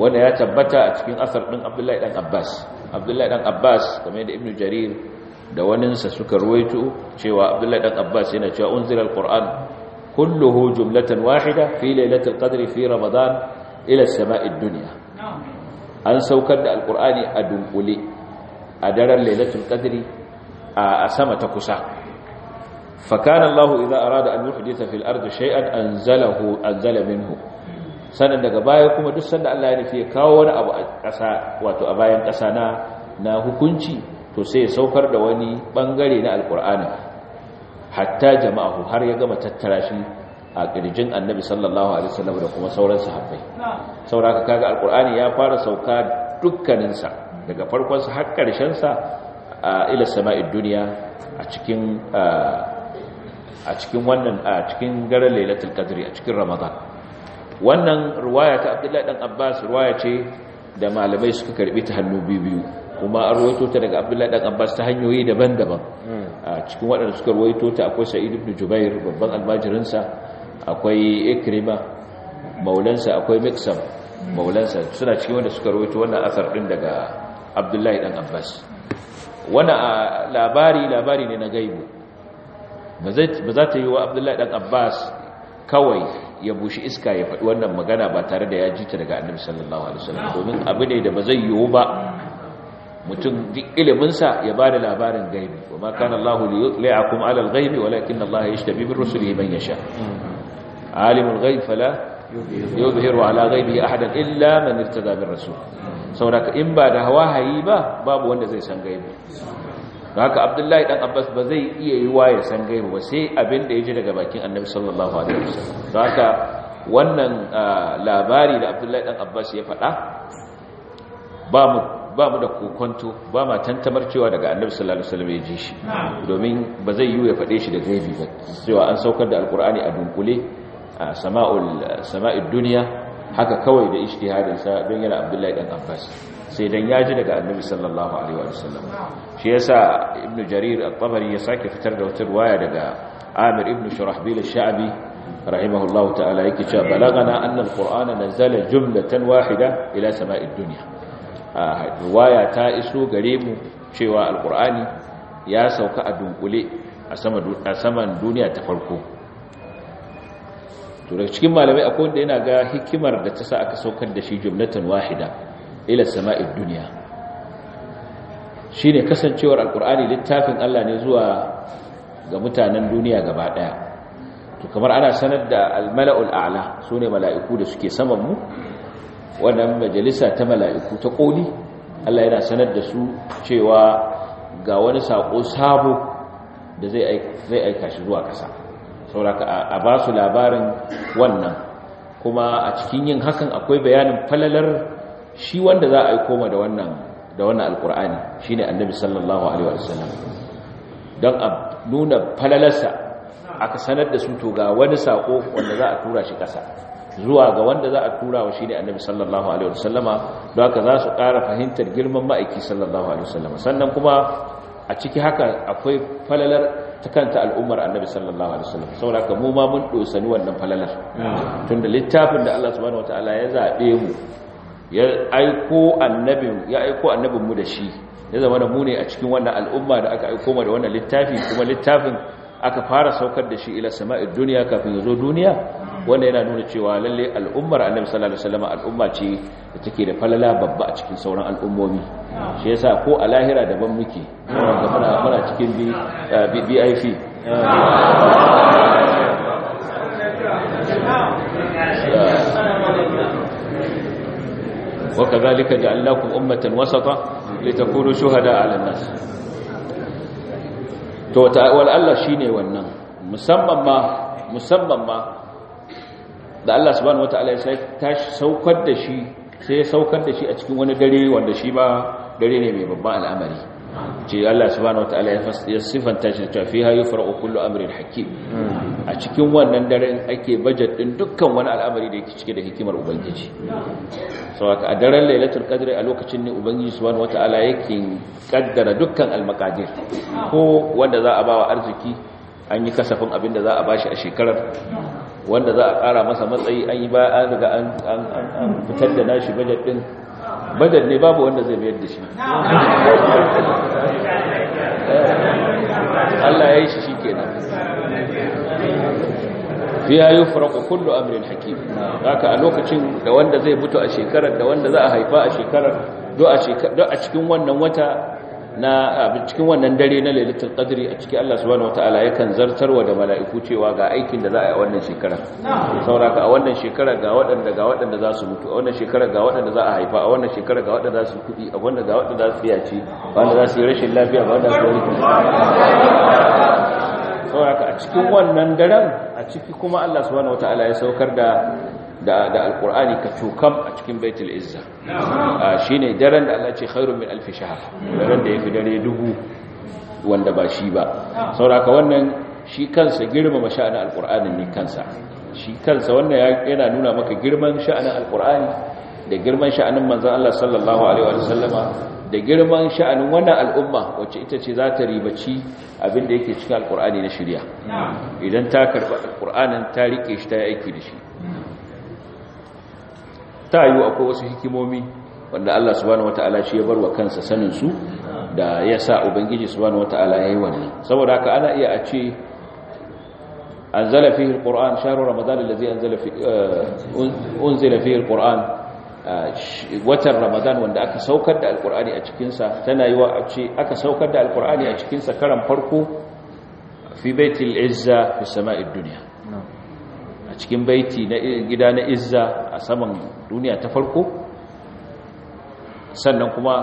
wanda ya tabbata a cikin asar ɗin abdullahi dan abbas abdullahi dan abbas kamar da Ibn jarir da waninsa suka ruwaito cewa abdullahi dan abbas yana cewa unzila alquran kulluhu jumlatan wahida fi lailatul qadri fi ramadan ila sama'id dunya an saukar da alqurani a dunkule a daren lailatul qadri a sama ta kusa فكان الله إذا أراد أن يحدث في الأرض شيئا أنزله أنزل minhu. sanan daga baya kuma duk sanda Allah ya nufi kawo wani abu a ƙasa wato a bayan ƙasa na na hukunci to sai ya saukar da wani bangare na alkur'ani hatta jama'ahu har ya gama tattara shi a ƙirjin annabi sallallahu alaihi wasallam da kuma sauran sahabbai sauraka kaga alkur'ani ya fara sauka dukkaninsa daga farkon sa har karshen sa ila sama'id duniya a cikin a cikin wannan a cikin garin lailatul qadri a cikin ramadan wannan riwaya ta abdullahi dan abbas riwaya ce da malamai suka karbi ta hannu biyu biyu kuma an ruwaito ta daga abdullahi dan abbas ta hanyoyi daban-daban hmm. a cikin waɗanda suka ruwaito ta akwai sa'id ibn jubair babban almajirinsa akwai ikrima maulansa akwai miksam maulansa suna cikin wanda suka ruwaito wannan asar din daga abdullahi dan abbas wannan labari labari ne na gaibu ba za ta yi wa abdullahi dan abbas kawai ya bushi iska ya faɗi wannan magana ba tare da ya ji ta daga annabi sallallahu alaihi wasallam domin abu ne da ba zai yiwu ba mutum duk iliminsa ya ba da labarin gaibi wa ma kana Allahu li'akum 'ala al-ghaibi walakin Allah yashtabi bi rusulihi man yasha alimul ghaib fala yuzhiru 'ala ghaibihi ahadan illa man irtada bir rasul saboda in ba da wahayi ba babu wanda zai san gaibi haka Abdullahi dan Abbas ba zai iya yi wa ya san gaibi ba sai abin da ya ji daga bakin Annabi sallallahu alaihi wasallam haka wannan ah, labari da Abdullahi dan Abbas ya faɗa ba mu ba mu da kokonto ba ma tantamar cewa daga annabi sallallahu alaihi wasallam ya ji shi domin ba zai yiwu ya faɗe shi da gaibi ba cewa an saukar da alkur'ani a dunkule a sama'ul sama'id duniya haka kawai da ijtihadin sa don yana abdullahi dan abbas sai dan ya ji daga annabi sallallahu alaihi wasallam shi yasa ibnu jarir at-tabari ya sake fitar da wata riwaya daga amir ibnu shurahbil ash-sha'bi rahimahullahu ta'ala yake cewa balagana anna al-qur'ana nazala jumlatan wahida ila sama'id duniya ruwaya ta iso gare mu cewa alkur'ani ya sauka a dunkule a saman duniya ta farko to daga cikin malamai akwai wanda yana ga hikimar da ta sa aka saukar da shi jumlatan wahida ila sama'id duniya Shi ne kasancewar alkur'ani littafin Allah ne zuwa ga mutanen duniya gaba daya to kamar ana sanar da almala'ul a'la sune mala'iku da suke saman mu wannan majalisa ta mala'iku ta ƙoli Allah yana sanar da su cewa ga wani saƙo sabo da zai aika shi zuwa ƙasa sauraka a ba su labarin wannan kuma a cikin yin hakan akwai bayanin falalar shi wanda za a yi koma da wannan da wannan alƙur'ani shi ne annabi sallallahu alaihi wasallam don a nuna falalarsa aka sanar da su to ga wani saƙo wanda za a tura shi ƙasa zuwa ga wanda za a tura wa shine annabi sallallahu alaihi wasallama don haka za su ƙara fahimtar girman ma'aiki sallallahu alaihi wasallama sannan kuma a ciki haka akwai falalar ta kanta al'ummar annabi sallallahu alaihi wasallam saboda haka mu ma mun dosani wannan falalar tunda littafin da Allah subhanahu wataala ya zabe mu ya aiko annabin ya aiko annabin mu da shi ya zama da mu ne a cikin wannan al'umma da aka aiko mu da wannan littafi kuma littafin aka fara saukar da shi ila sama'id duniya kafin ya zo duniya wanda yana nuna cewa lalle al'ummar annabi sallallahu alaihi wasallam al'umma ce da take da falala babba a cikin sauran al'ummomi shi yasa ko a lahira daban muke muna fara cikin BIP وكذلك جعلناكم أمة وسطا لتكونوا شهداء على nas to wata wal'alla shi ne wannan musamman ma musamman ma da Allah subhanahu wataala ya tashi saukar da shi sai ya saukar da shi a cikin wani dare wanda shi ba dare ne mai babban al'amari ce Allah subhanahu wataala ya sifanta shi ta fiha yufra'u kullu amrin hakim a cikin wannan daren ake budget din dukkan wani al'amari da yake cike da hikimar ubangiji saboda a daren lailatul qadri a lokacin ne ubangiji subhanahu wataala yake kaddara dukkan al ko wanda za a bawa arziki an yi kasafin abin da za a bashi a shekarar wanda za a kara masa matsayi an yi ba an daga an fitar da nashi bajet ɗin bajet ne babu wanda zai mayar da shi eh, Allah ya yi shi shi kenan fiya yi furaku kullu amrin hakim haka a lokacin da wanda zai mutu a shekarar da wanda za a haifa a shekarar do a cikin wannan wata na ah, cikin wannan dare na lailatul qadri a cikin Allah subhanahu wataala yakan zartarwa da mala'iku cewa ga aikin da za a yi a wannan shekara sauraka a wannan shekara ga waɗanda ga waɗanda za su mutu a wannan shekara ga waɗanda za a haifa a wannan shekara ga waɗanda za su kudi a wannan ga waɗanda za su yaci a wanda za su yi rashin lafiya ba da za su yi sauraka a cikin wannan daren a ciki kuma Allah subhanahu wataala ya saukar da da da alqur'ani ka cukam a cikin baitul izza ah, ne daren da Allah ce khairun min alf shahr daren da yafi dare dubu wanda ba shi ba sauraka wannan shi kansa girmama sha'anin alqur'anin ne kansa shi kansa wannan yana nuna maka girman sha'anin alqur'ani da girman sha'anin manzon Allah sallallahu alaihi wa sallama da girman sha'anin wannan al'umma wacce ita ce za ta ribaci abin da yake cikin alkur'ani na shirya idan ta karɓi alkur'anin ta riƙe shi ta yi aiki da shi ta yiwu akwai wasu hikimomi wanda Allah subhanahu wata'ala shi ya bar wa kansa sanin su da ya sa ubangiji subhanahu wata'ala ya yi wannan saboda haka ana iya a ce anzala fihi alquran shahru ramadan an zala fi uh, un unzila fihi alquran uh, watan ramadan wanda aka saukar da alqurani a cikinsa tana yi wa a ce aka saukar da alqurani a cikinsa, karan farko fi baitil izza fi sama'id dunya cikin baiti na gida na izza a saman duniya ta farko sannan kuma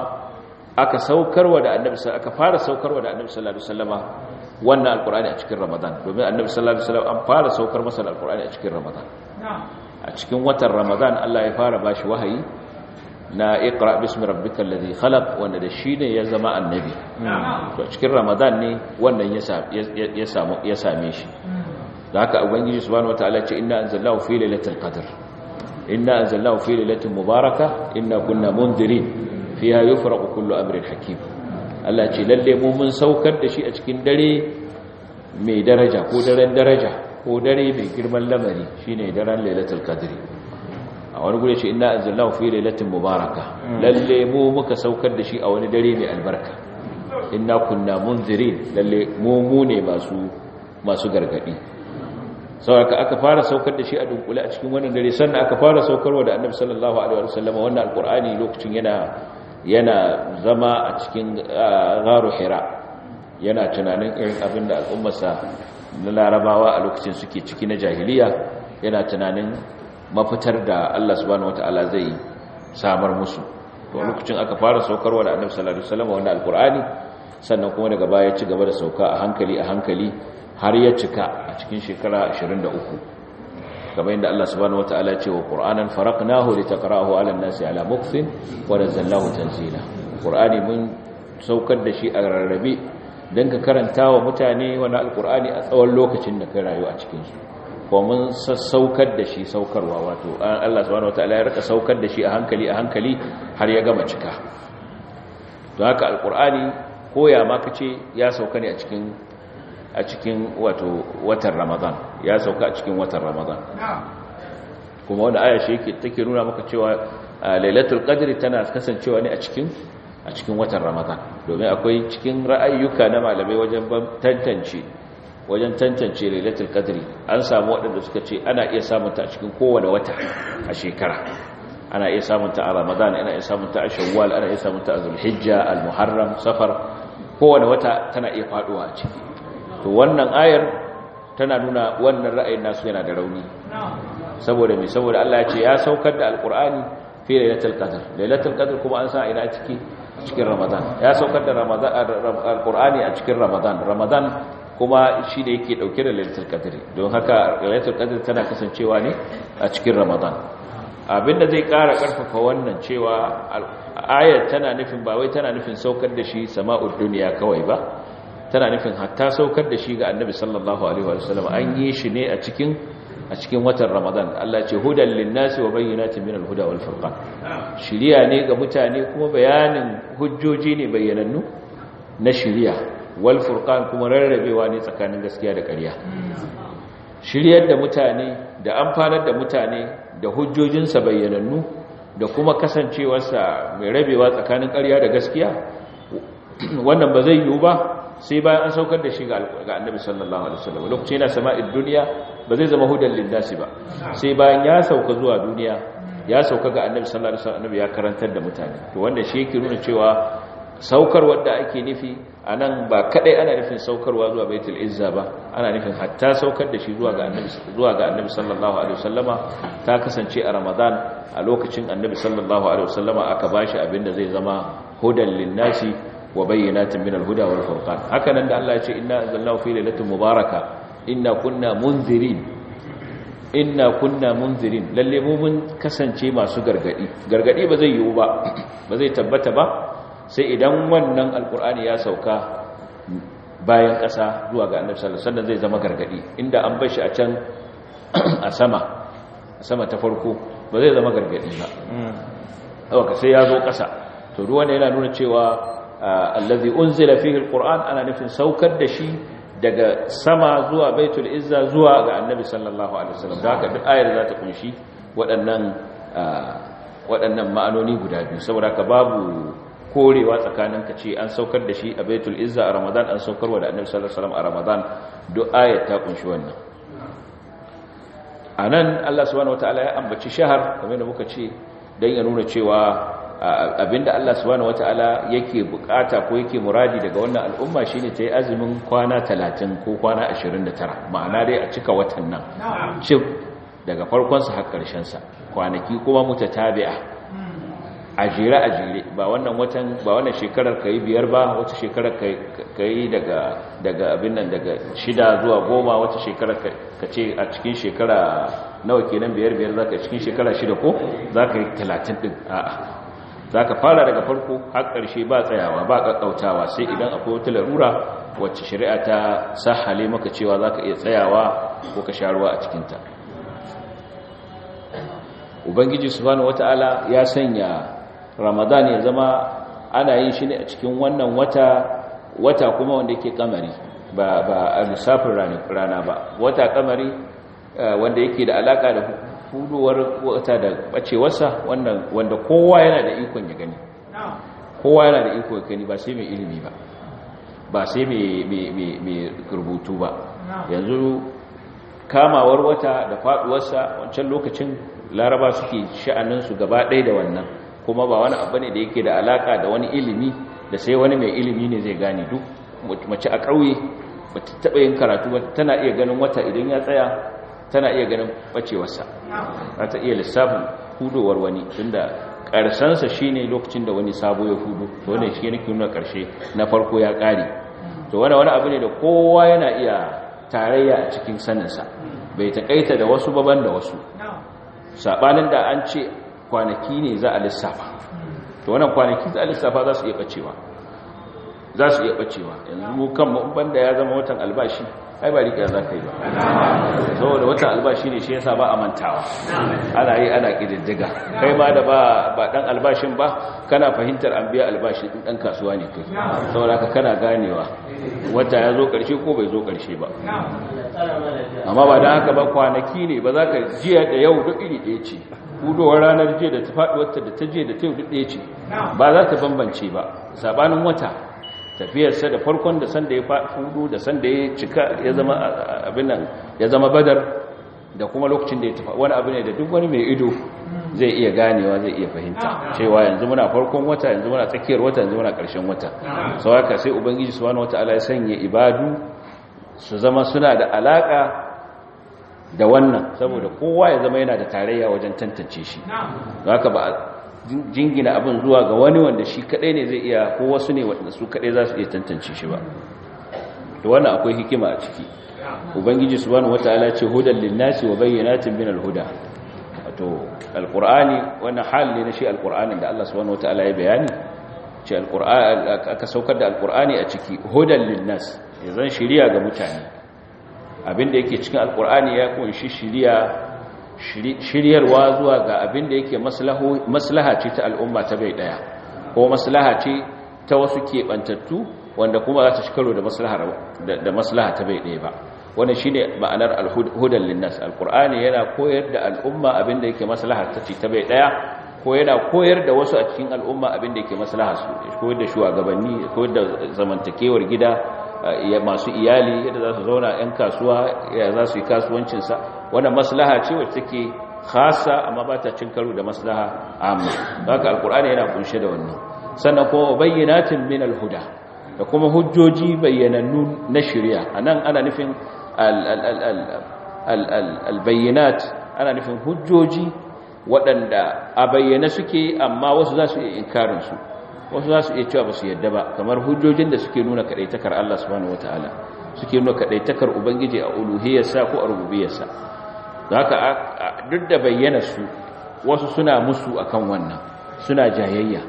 aka saukarwa da annabi aka fara saukarwa da annabi sallallahu alaihi wasallama wannan alqur'ani a cikin ramadan domin annabi sallallahu alaihi wasallam an fara saukar masa alqur'ani a cikin ramadan a cikin watan ramadan Allah ya fara bashi wahayi na iqra bismi rabbikal ladhi khalaq wanda da shi ne ya zama annabi to cikin ramadan ne wannan ya ya samu ya same shi hmm. da haka ubangiji subhanahu wataala ce inna anzalnahu fi lailatul qadr inna anzalnahu fi lailatin mubaraka inna kunna mundirin fiha yufraqu kullu amrin hakim Allah ce lalle mu mun saukar da shi a cikin dare mai daraja ko daren daraja ko dare mai girman lamari shine daren lailatul qadr a wani gure ce inna anzalnahu fi lailatin mubaraka hmm. lalle mu muka saukar da shi a wani dare mai albarka inna kunna mundirin lalle mu mu ne masu masu gargadi sauraka aka fara saukar da shi a dunkule a cikin wannan dare sannan aka fara saukarwa da annabi sallallahu alaihi wasallam wannan alqur'ani lokacin yana yana zama a cikin gharu hira yana tunanin irin abin da al'ummarsa na larabawa a lokacin suke ciki na jahiliya yana tunanin mafitar da Allah subhanahu wataala zai samar musu to lokacin aka fara saukarwa da annabi sallallahu alaihi wasallam wannan alqur'ani sannan kuma daga baya ci gaba da sauka a hankali a hankali har ya cika a cikin shekara 23 kamar yadda Allah subhanahu wataala ya ce wa Qur'anan faraqnahu litaqra'ahu 'ala an-nasi 'ala mukthin wa nazzalnahu tanzila Qur'ani mun saukar da shi a rarrabe dan ka karanta wa mutane wannan Al-Qur'ani a tsawon lokacin da ka rayu a cikin shi ko mun sassaukar da shi saukarwa wato Allah subhanahu wataala ya rika saukar da shi a hankali a hankali har ya gama cika don haka Al-ƙur'ani, Al-Qur'ani koya ma ce ya sauka ne a cikin a cikin wato watan ramadan ya sauka a cikin watan ramadan kuma wanda aya shi yake take nuna maka cewa lailatul qadri tana kasancewa ne a cikin watan ramadan domin akwai cikin ra'ayyuka na malamai wajen tantance wajen tantance lailatul qadri an samu waɗanda suka ce ana iya samun ta a cikin kowane wata a shekara ana iya samun a ramadan ana iya samun a shawwal ana iya samun a zulhijja al-muharram safar kowane wata tana iya faduwa a ciki to wannan ayar tana nuna wannan ra'ayin nasu yana da rauni saboda me saboda Allah ya ce ya saukar da alkur'ani fi lailatul qadr lailatul qadr kuma an sa ina ciki cikin ramadan ya saukar da ramadan alkur'ani a cikin ramadan ramadan kuma shi da yake dauke da lailatul qadr don haka lailatul qadr tana kasancewa ne a cikin ramadan abinda zai kara karfafa wannan cewa ayar tana nufin ba wai tana nufin saukar da shi sama'ud duniya kawai ba tana nufin hatta saukar da shi ga annabi sallallahu alaihi wasallam an yi shi ne a cikin a cikin watan ramadan Allah ce hudan linnasi wa bayyinatin min alhuda wal furqan shiriya ne ga mutane kuma bayanin hujjoji ne bayyanannu na shiriya wal furqan kuma rarrabewa ne tsakanin gaskiya da ƙarya shiryar da mutane da amfanar da mutane da hujjojinsa bayyanannu da kuma kasancewarsa mai rabewa tsakanin ƙarya da gaskiya wannan ba zai yiwu ba sai bayan an saukar da shi ga annabi sallallahu alaihi wasallam lokacin yana sama'id duniya ba zai zama hudan lindasi ba sai bayan ya sauka zuwa duniya ya sauka ga annabi sallallahu alaihi wasallam annabi ya karantar da mutane to wanda shi yake nuna cewa saukar wanda ake nufi anan ba kadai ana nufin saukarwa zuwa baitul izza ba ana nufin hatta saukar da shi zuwa ga annabi zuwa ga annabi sallallahu alaihi wasallama ta kasance a ramadan a lokacin annabi sallallahu alaihi wasallama aka bashi abinda zai zama hudan linnasi wa bayyinatin min al-huda wal furqan haka nan da Allah ya ce inna anzalnahu fi lailatin mubaraka inna kunna munzirin inna kunna munzirin lalle mu mun kasance masu gargadi gargadi ba zai yiwu ba ba zai tabbata ba sai idan wannan alqur'ani ya sauka bayan ƙasa zuwa ga annabi sallallahu alaihi wasallam zai zama gargadi inda an bar shi a can a sama a sama ta farko ba zai zama gargadi ba haka hmm. sai ya zo ƙasa to ruwan yana nuna cewa allazi unzila fihi alquran ana nufin saukar da shi daga sama zuwa baitul izza zuwa ga annabi sallallahu alaihi wasallam da haka duk ayar za ta kunshi waɗannan waɗannan ma'anoni guda biyu saboda ka babu korewa tsakanin ka ce an saukar da shi a baitul izza a ramadan an saukarwa da annabi sallallahu alaihi wasallam a ramadan duk ayar ta kunshi wannan anan Allah subhanahu wataala ya ambaci shahar kamar da muka ce dan ya nuna cewa abinda Allah subhanahu wataala yake bukata ko yake muradi daga wannan al'umma shine ta yi azumin kwana 30 ko kwana 29 ma'ana dai a cika watan nan cif daga farkon sa har karshen sa kwanaki kuma mutatabi'a ajira hmm. ajire ba wannan watan ba wannan shekarar kai biyar ba wata shekarar kai kai daga daga abin nan daga shida zuwa goma wata shekarar ka ce a cikin shekara nawa kenan biyar biyar zaka cikin shekara shida ko zaka yi 30 din a'a za ka fara daga farko har ƙarshe ba tsayawa ba ƙaƙƙautawa sai idan akwai wata larura wacce shari'a ta sahale maka cewa za ka iya tsayawa ko ka sha ruwa a cikinta ubangiji subhanahu wata'ala ya sanya ramadan ya zama ana yin shi ne a cikin wannan wata wata kuma wanda yake kamari ba a lissafin rana ba wata kamari eh, wanda yake da alaka da fuduwar wata da bacewarsa wanda kowa yana da ikon ya gani kowa yana da ikon ya gani ba sai mai ilimi ba ba sai mai rubutu ba yanzu kamawar wata da faduwarsa wancan lokacin laraba suke sha'aninsu gaba ɗaya da wannan kuma ba wani abu ne da yake da alaka da wani ilimi da sai wani mai ilimi ne zai gane duk mace a ƙauye ba ta taɓa yin karatu ba tana iya ganin wata idan ya tsaya tana iya ganin bacewarsa za ta iya lissafin hudowar wani tunda shi ne lokacin da wani sabo ya hudu wani shi ne nuna ƙarshe na farko ya ƙare to wani wani abu ne da kowa yana iya tarayya a cikin saninsa bai taƙaita da wasu baban da wasu saɓanin da an ce kwanaki ne za a lissafa to wannan kwanaki za a lissafa za su iya bacewa za su iya bacewa yanzu mu kan banda ya zama watan albashi ai ba riƙe za ka yi ba saboda watan albashi ne shi yasa ba a mantawa ana yi ana ƙididdiga kai ma da ba ɗan albashin ba kana fahimtar an biya albashi ɗin ɗan kasuwa ne kai saboda ka kana ganewa wata ya zo ƙarshe ko bai zo ƙarshe ba amma ba don haka ba kwanaki ne ba za ka jiya da yau duk iri ɗaya ce hudowar ranar jiya da ta faɗi wata da ta jiya da ta yau duk ɗaya ce ba za ta bambance ba Sabanin wata tafiyarsa da farkon da sanda ya fudu da sanda ya cika ya zama abin nan ya zama badar da kuma lokacin da ya tafi wani abu ne da duk wani mai ido zai iya ganewa zai iya fahimta cewa yanzu muna farkon wata yanzu muna tsakiyar wata yanzu muna ƙarshen wata sau haka sai ubangiji subhanahu wata'ala ya sanya ibadu su zama suna da alaƙa da wannan saboda kowa ya zama yana da tarayya wajen tantance shi haka ba jingina abin zuwa ga wani wanda shi kadai ne zai iya ko wasu ne wanda su kadai za su iya tantance shi ba to wannan akwai hikima a ciki ubangiji subhanahu wataala ce hudan linnasi wa bayyanatin min alhuda wato alqur'ani wannan hal ne na shi alqur'anin da Allah subhanahu wataala ya bayani ce alqur'ani aka saukar da alqur'ani a ciki hudan linnas zan shiriya ga mutane abinda yake cikin alqur'ani ya kunshi shiriya shiryarwa zuwa ga abin da yake maslaha ce ta al'umma ta bai daya ko maslaha ce ta wasu keɓantattu wanda kuma za ta shi karo da maslaha ta bai daya ba wani shi ne ma'anar alhudan linnas alkur'ani yana koyar da al'umma abin da yake maslaha ta ce ta bai daya ko yana koyar da wasu a cikin al'umma abin da yake maslaha su koyar da shugabanni koyar da zamantakewar gida masu iyali yadda za su zauna 'yan kasuwa ya za su yi kasuwancinsa wannan maslaha ce wacce take khasa amma ba ta cin karo da maslaha amma haka alqur'ani yana kunshe da wannan sannan kuma bayyinatin min alhuda da kuma hujjoji bayyanannu na shari'a anan ana nufin albayyinat ana nufin hujjoji waɗanda a bayyana suke amma wasu za su iya inkarin su wasu za su iya cewa ba su yadda ba kamar hujjojin da suke nuna kaɗaitakar Allah subhanahu wataala suke nuna kaɗaitakar ubangiji a uluhiyarsa ko a rububiyarsa da haka duk da bayyana su wasu suna musu akan wannan suna jayayya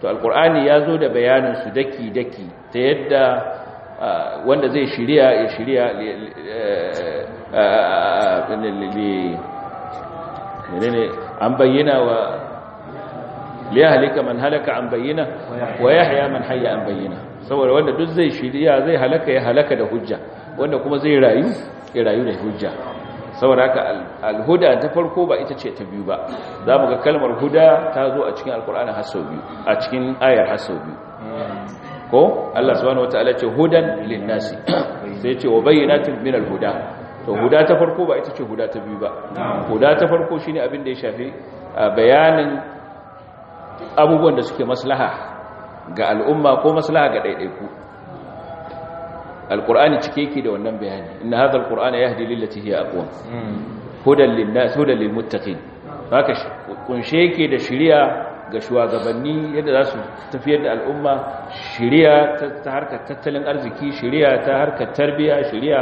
to alqur'ani ya zo da bayanin su daki daki ta yadda wanda zai shirya ya shirya an bayyana wa liyahalika man halaka an bayyana wa yahya man hayya an bayyana saboda wanda duk zai shirya zai halaka ya halaka da hujja wanda kuma zai rayu ya rayu da hujja saboda haka alhuda ta farko ba ita ce ta biyu ba za mu ga kalmar huda ta zo a cikin alkur'ani har sau biyu a cikin ayar har sau biyu ko Allah subhanahu wataala ce hudan lin nasi sai ce wa bayyinatin min alhuda to huda ta farko ba ita ce huda ta biyu ba huda ta farko shine abin da ya shafi bayanin abubuwan da suke maslaha ga al'umma ko maslaha ga ɗaiɗaiku alqur'ani cike yake da wannan bayani inna hadha alqur'ana yahdi lillati hiya aqwam hudan linnas hudan lilmuttaqin haka kunshe yake da shari'a ga shugabanni yadda za su tafiyar da al'umma shari'a ta harkar tattalin arziki shari'a ta harkar tarbiyya shari'a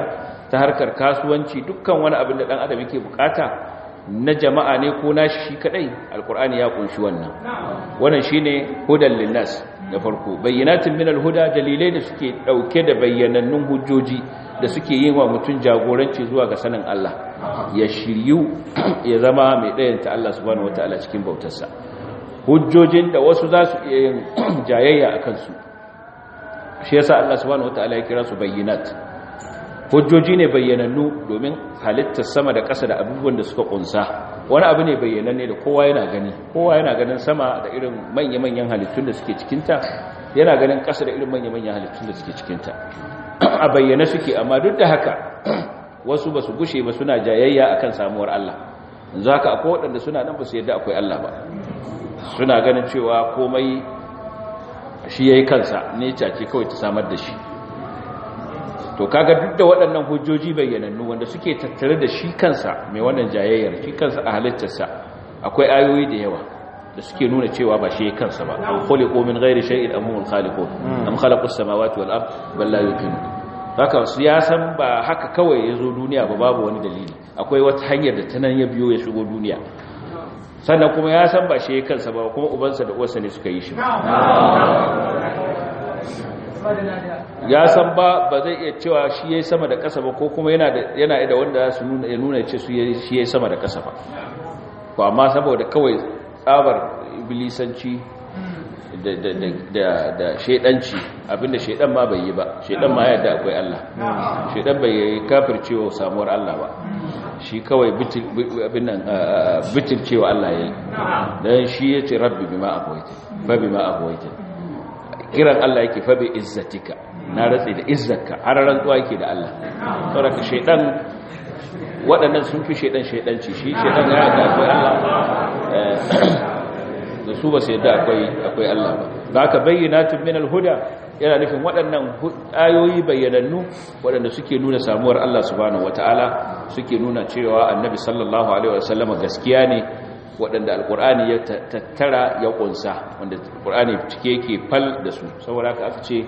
ta harkar kasuwanci dukkan wani abin da dan adam yake bukata na jama'a ne ko nashi shi kadai alqur'ani ya kunshi wannan wannan shine hudan linnas na farko bayyanatin min alhuda dalilai da suke dauke da bayyanannun hujjoji da suke yin wa mutum jagoranci zuwa ga sanin Allah ya shiryu ya zama mai dayanta Allah subhanahu wataala cikin bautarsa hujjojin da wasu za su iya yin jayayya akan su shi yasa Allah subhanahu wataala ya kira su bayyinat hujjoji ne bayyanannu domin halittar sama da ƙasa da abubuwan da suka kunsa wani abu ne bayyananne da kowa yana gani kowa yana ganin sama da irin manya-manyan halittun da suke cikinta yana ganin ƙasa da irin manya-manyan halittun da suke cikinta a bayyana suke amma duk da haka wasu ba su gushe ba suna jayayya akan samuwar Allah za ka akwai waɗanda suna nan ba su yadda akwai Allah ba suna ganin cewa komai shi ya yi kansa ne cace kawai ta samar da shi to kaga duk da waɗannan hujjoji bayyanannu wanda suke tattare da shi kansa mai wannan jayayyar shi kansa a halittarsa akwai ayoyi da yawa da suke nuna cewa ba shi kansa ba an ko min ghairi shay'in am al-khaliqu am khalaqu as-samawati wal ard bal la haka su ya san ba haka kawai yazo duniya ba babu wani dalili akwai wata hanyar da tanan ya biyo ya shigo duniya sannan kuma ya san ba shi kansa ba kuma ubansa da uwarsa ne suka yi shi ya san ba ba zai iya cewa shi ya sama da ƙasa ba ko kuma yana da wanda su nuna ya nuna ce su shi ya sama da ƙasa ba ko amma saboda kawai tsabar iblisanci da shaidanci abinda shaidan ma bai yi ba shaidan ma yadda akwai Allah shaidan bai yi cewa samuwar Allah ba shi kawai bitin cewa Allah ya yi don shi ya ce rabbi bima abawaita fa kiran Allah yake fa bi izzatika na ratsi da izzaka har rantsuwa yake da Allah saboda ka shaydan sun fi shaydan shaydanci shi shaydan ya ga akwai Allah eh, da su ba sai da akwai akwai Allah ba ka bayyinatun min al-huda yana nufin waɗannan ayoyi bayyanannu waɗanda suke nuna samuwar Allah subhanahu wataala suke nuna cewa annabi sallallahu alaihi wasallam gaskiya ne waɗanda Alƙur'ani ya tattara ya ƙunsa wanda Alƙur'ani cike ke fal da su saboda haka aka ce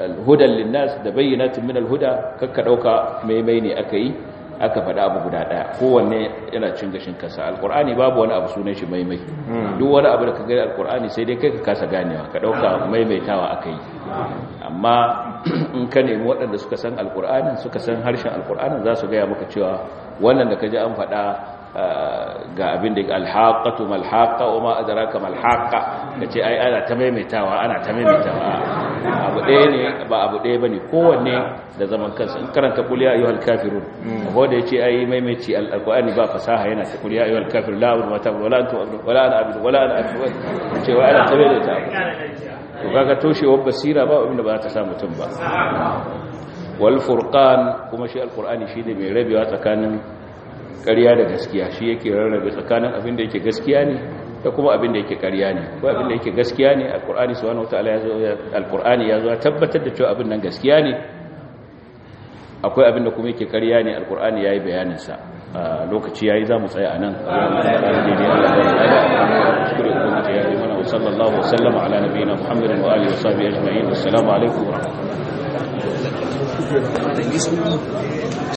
alhudan linnas da bayyanatin min alhuda kakka ɗauka maimai ne aka yi aka faɗa abu guda ɗaya kowanne yana cin gashin kasa Alƙur'ani babu wani abu sunan shi maimai hmm. duk wani abu da ka gani Alƙur'ani sai dai kai ka kasa ganewa ka ɗauka maimaitawa aka yi amma in ka nemi waɗanda suka san alkur'anin suka san harshen Alƙur'anin za su gaya maka cewa wannan da ka ji an faɗa ga abin da alhaqatu malhaqa wa ma adraka malhaqa kace ai ana ta maimaitawa ana ta maimaitawa abu ɗaya ne ba abu ɗaya bane kowanne da zaman kansa in karanta qul ya ayyuhal kafirun ko da yace ai maimaici alqur'ani ba fasaha yana ta qul ya ayyuhal kafirun la wa ta wala antum abdu wala ana abdu wala ana abdu ce wa ana ta maimaitawa to kaga wa basira ba abin da ba ta samu tun ba wal furqan kuma shi alqur'ani shi ne mai rabewa tsakanin ƙarya da gaskiya shi yake rarrabe tsakanin abin da yake gaskiya ne da kuma abin da yake ƙarya ne ko abin da yake gaskiya ne alqur'ani subhanahu wataala ya zo alqur'ani ya zo tabbatar da cewa abin nan gaskiya ne akwai abin da kuma yake ƙarya ne alqur'ani yayi bayanin sa lokaci yayi zamu tsaya anan sallallahu alaihi wa sallam ala nabiyina muhammadin wa alihi wa sahbihi ajma'in assalamu alaikum wa rahmatullahi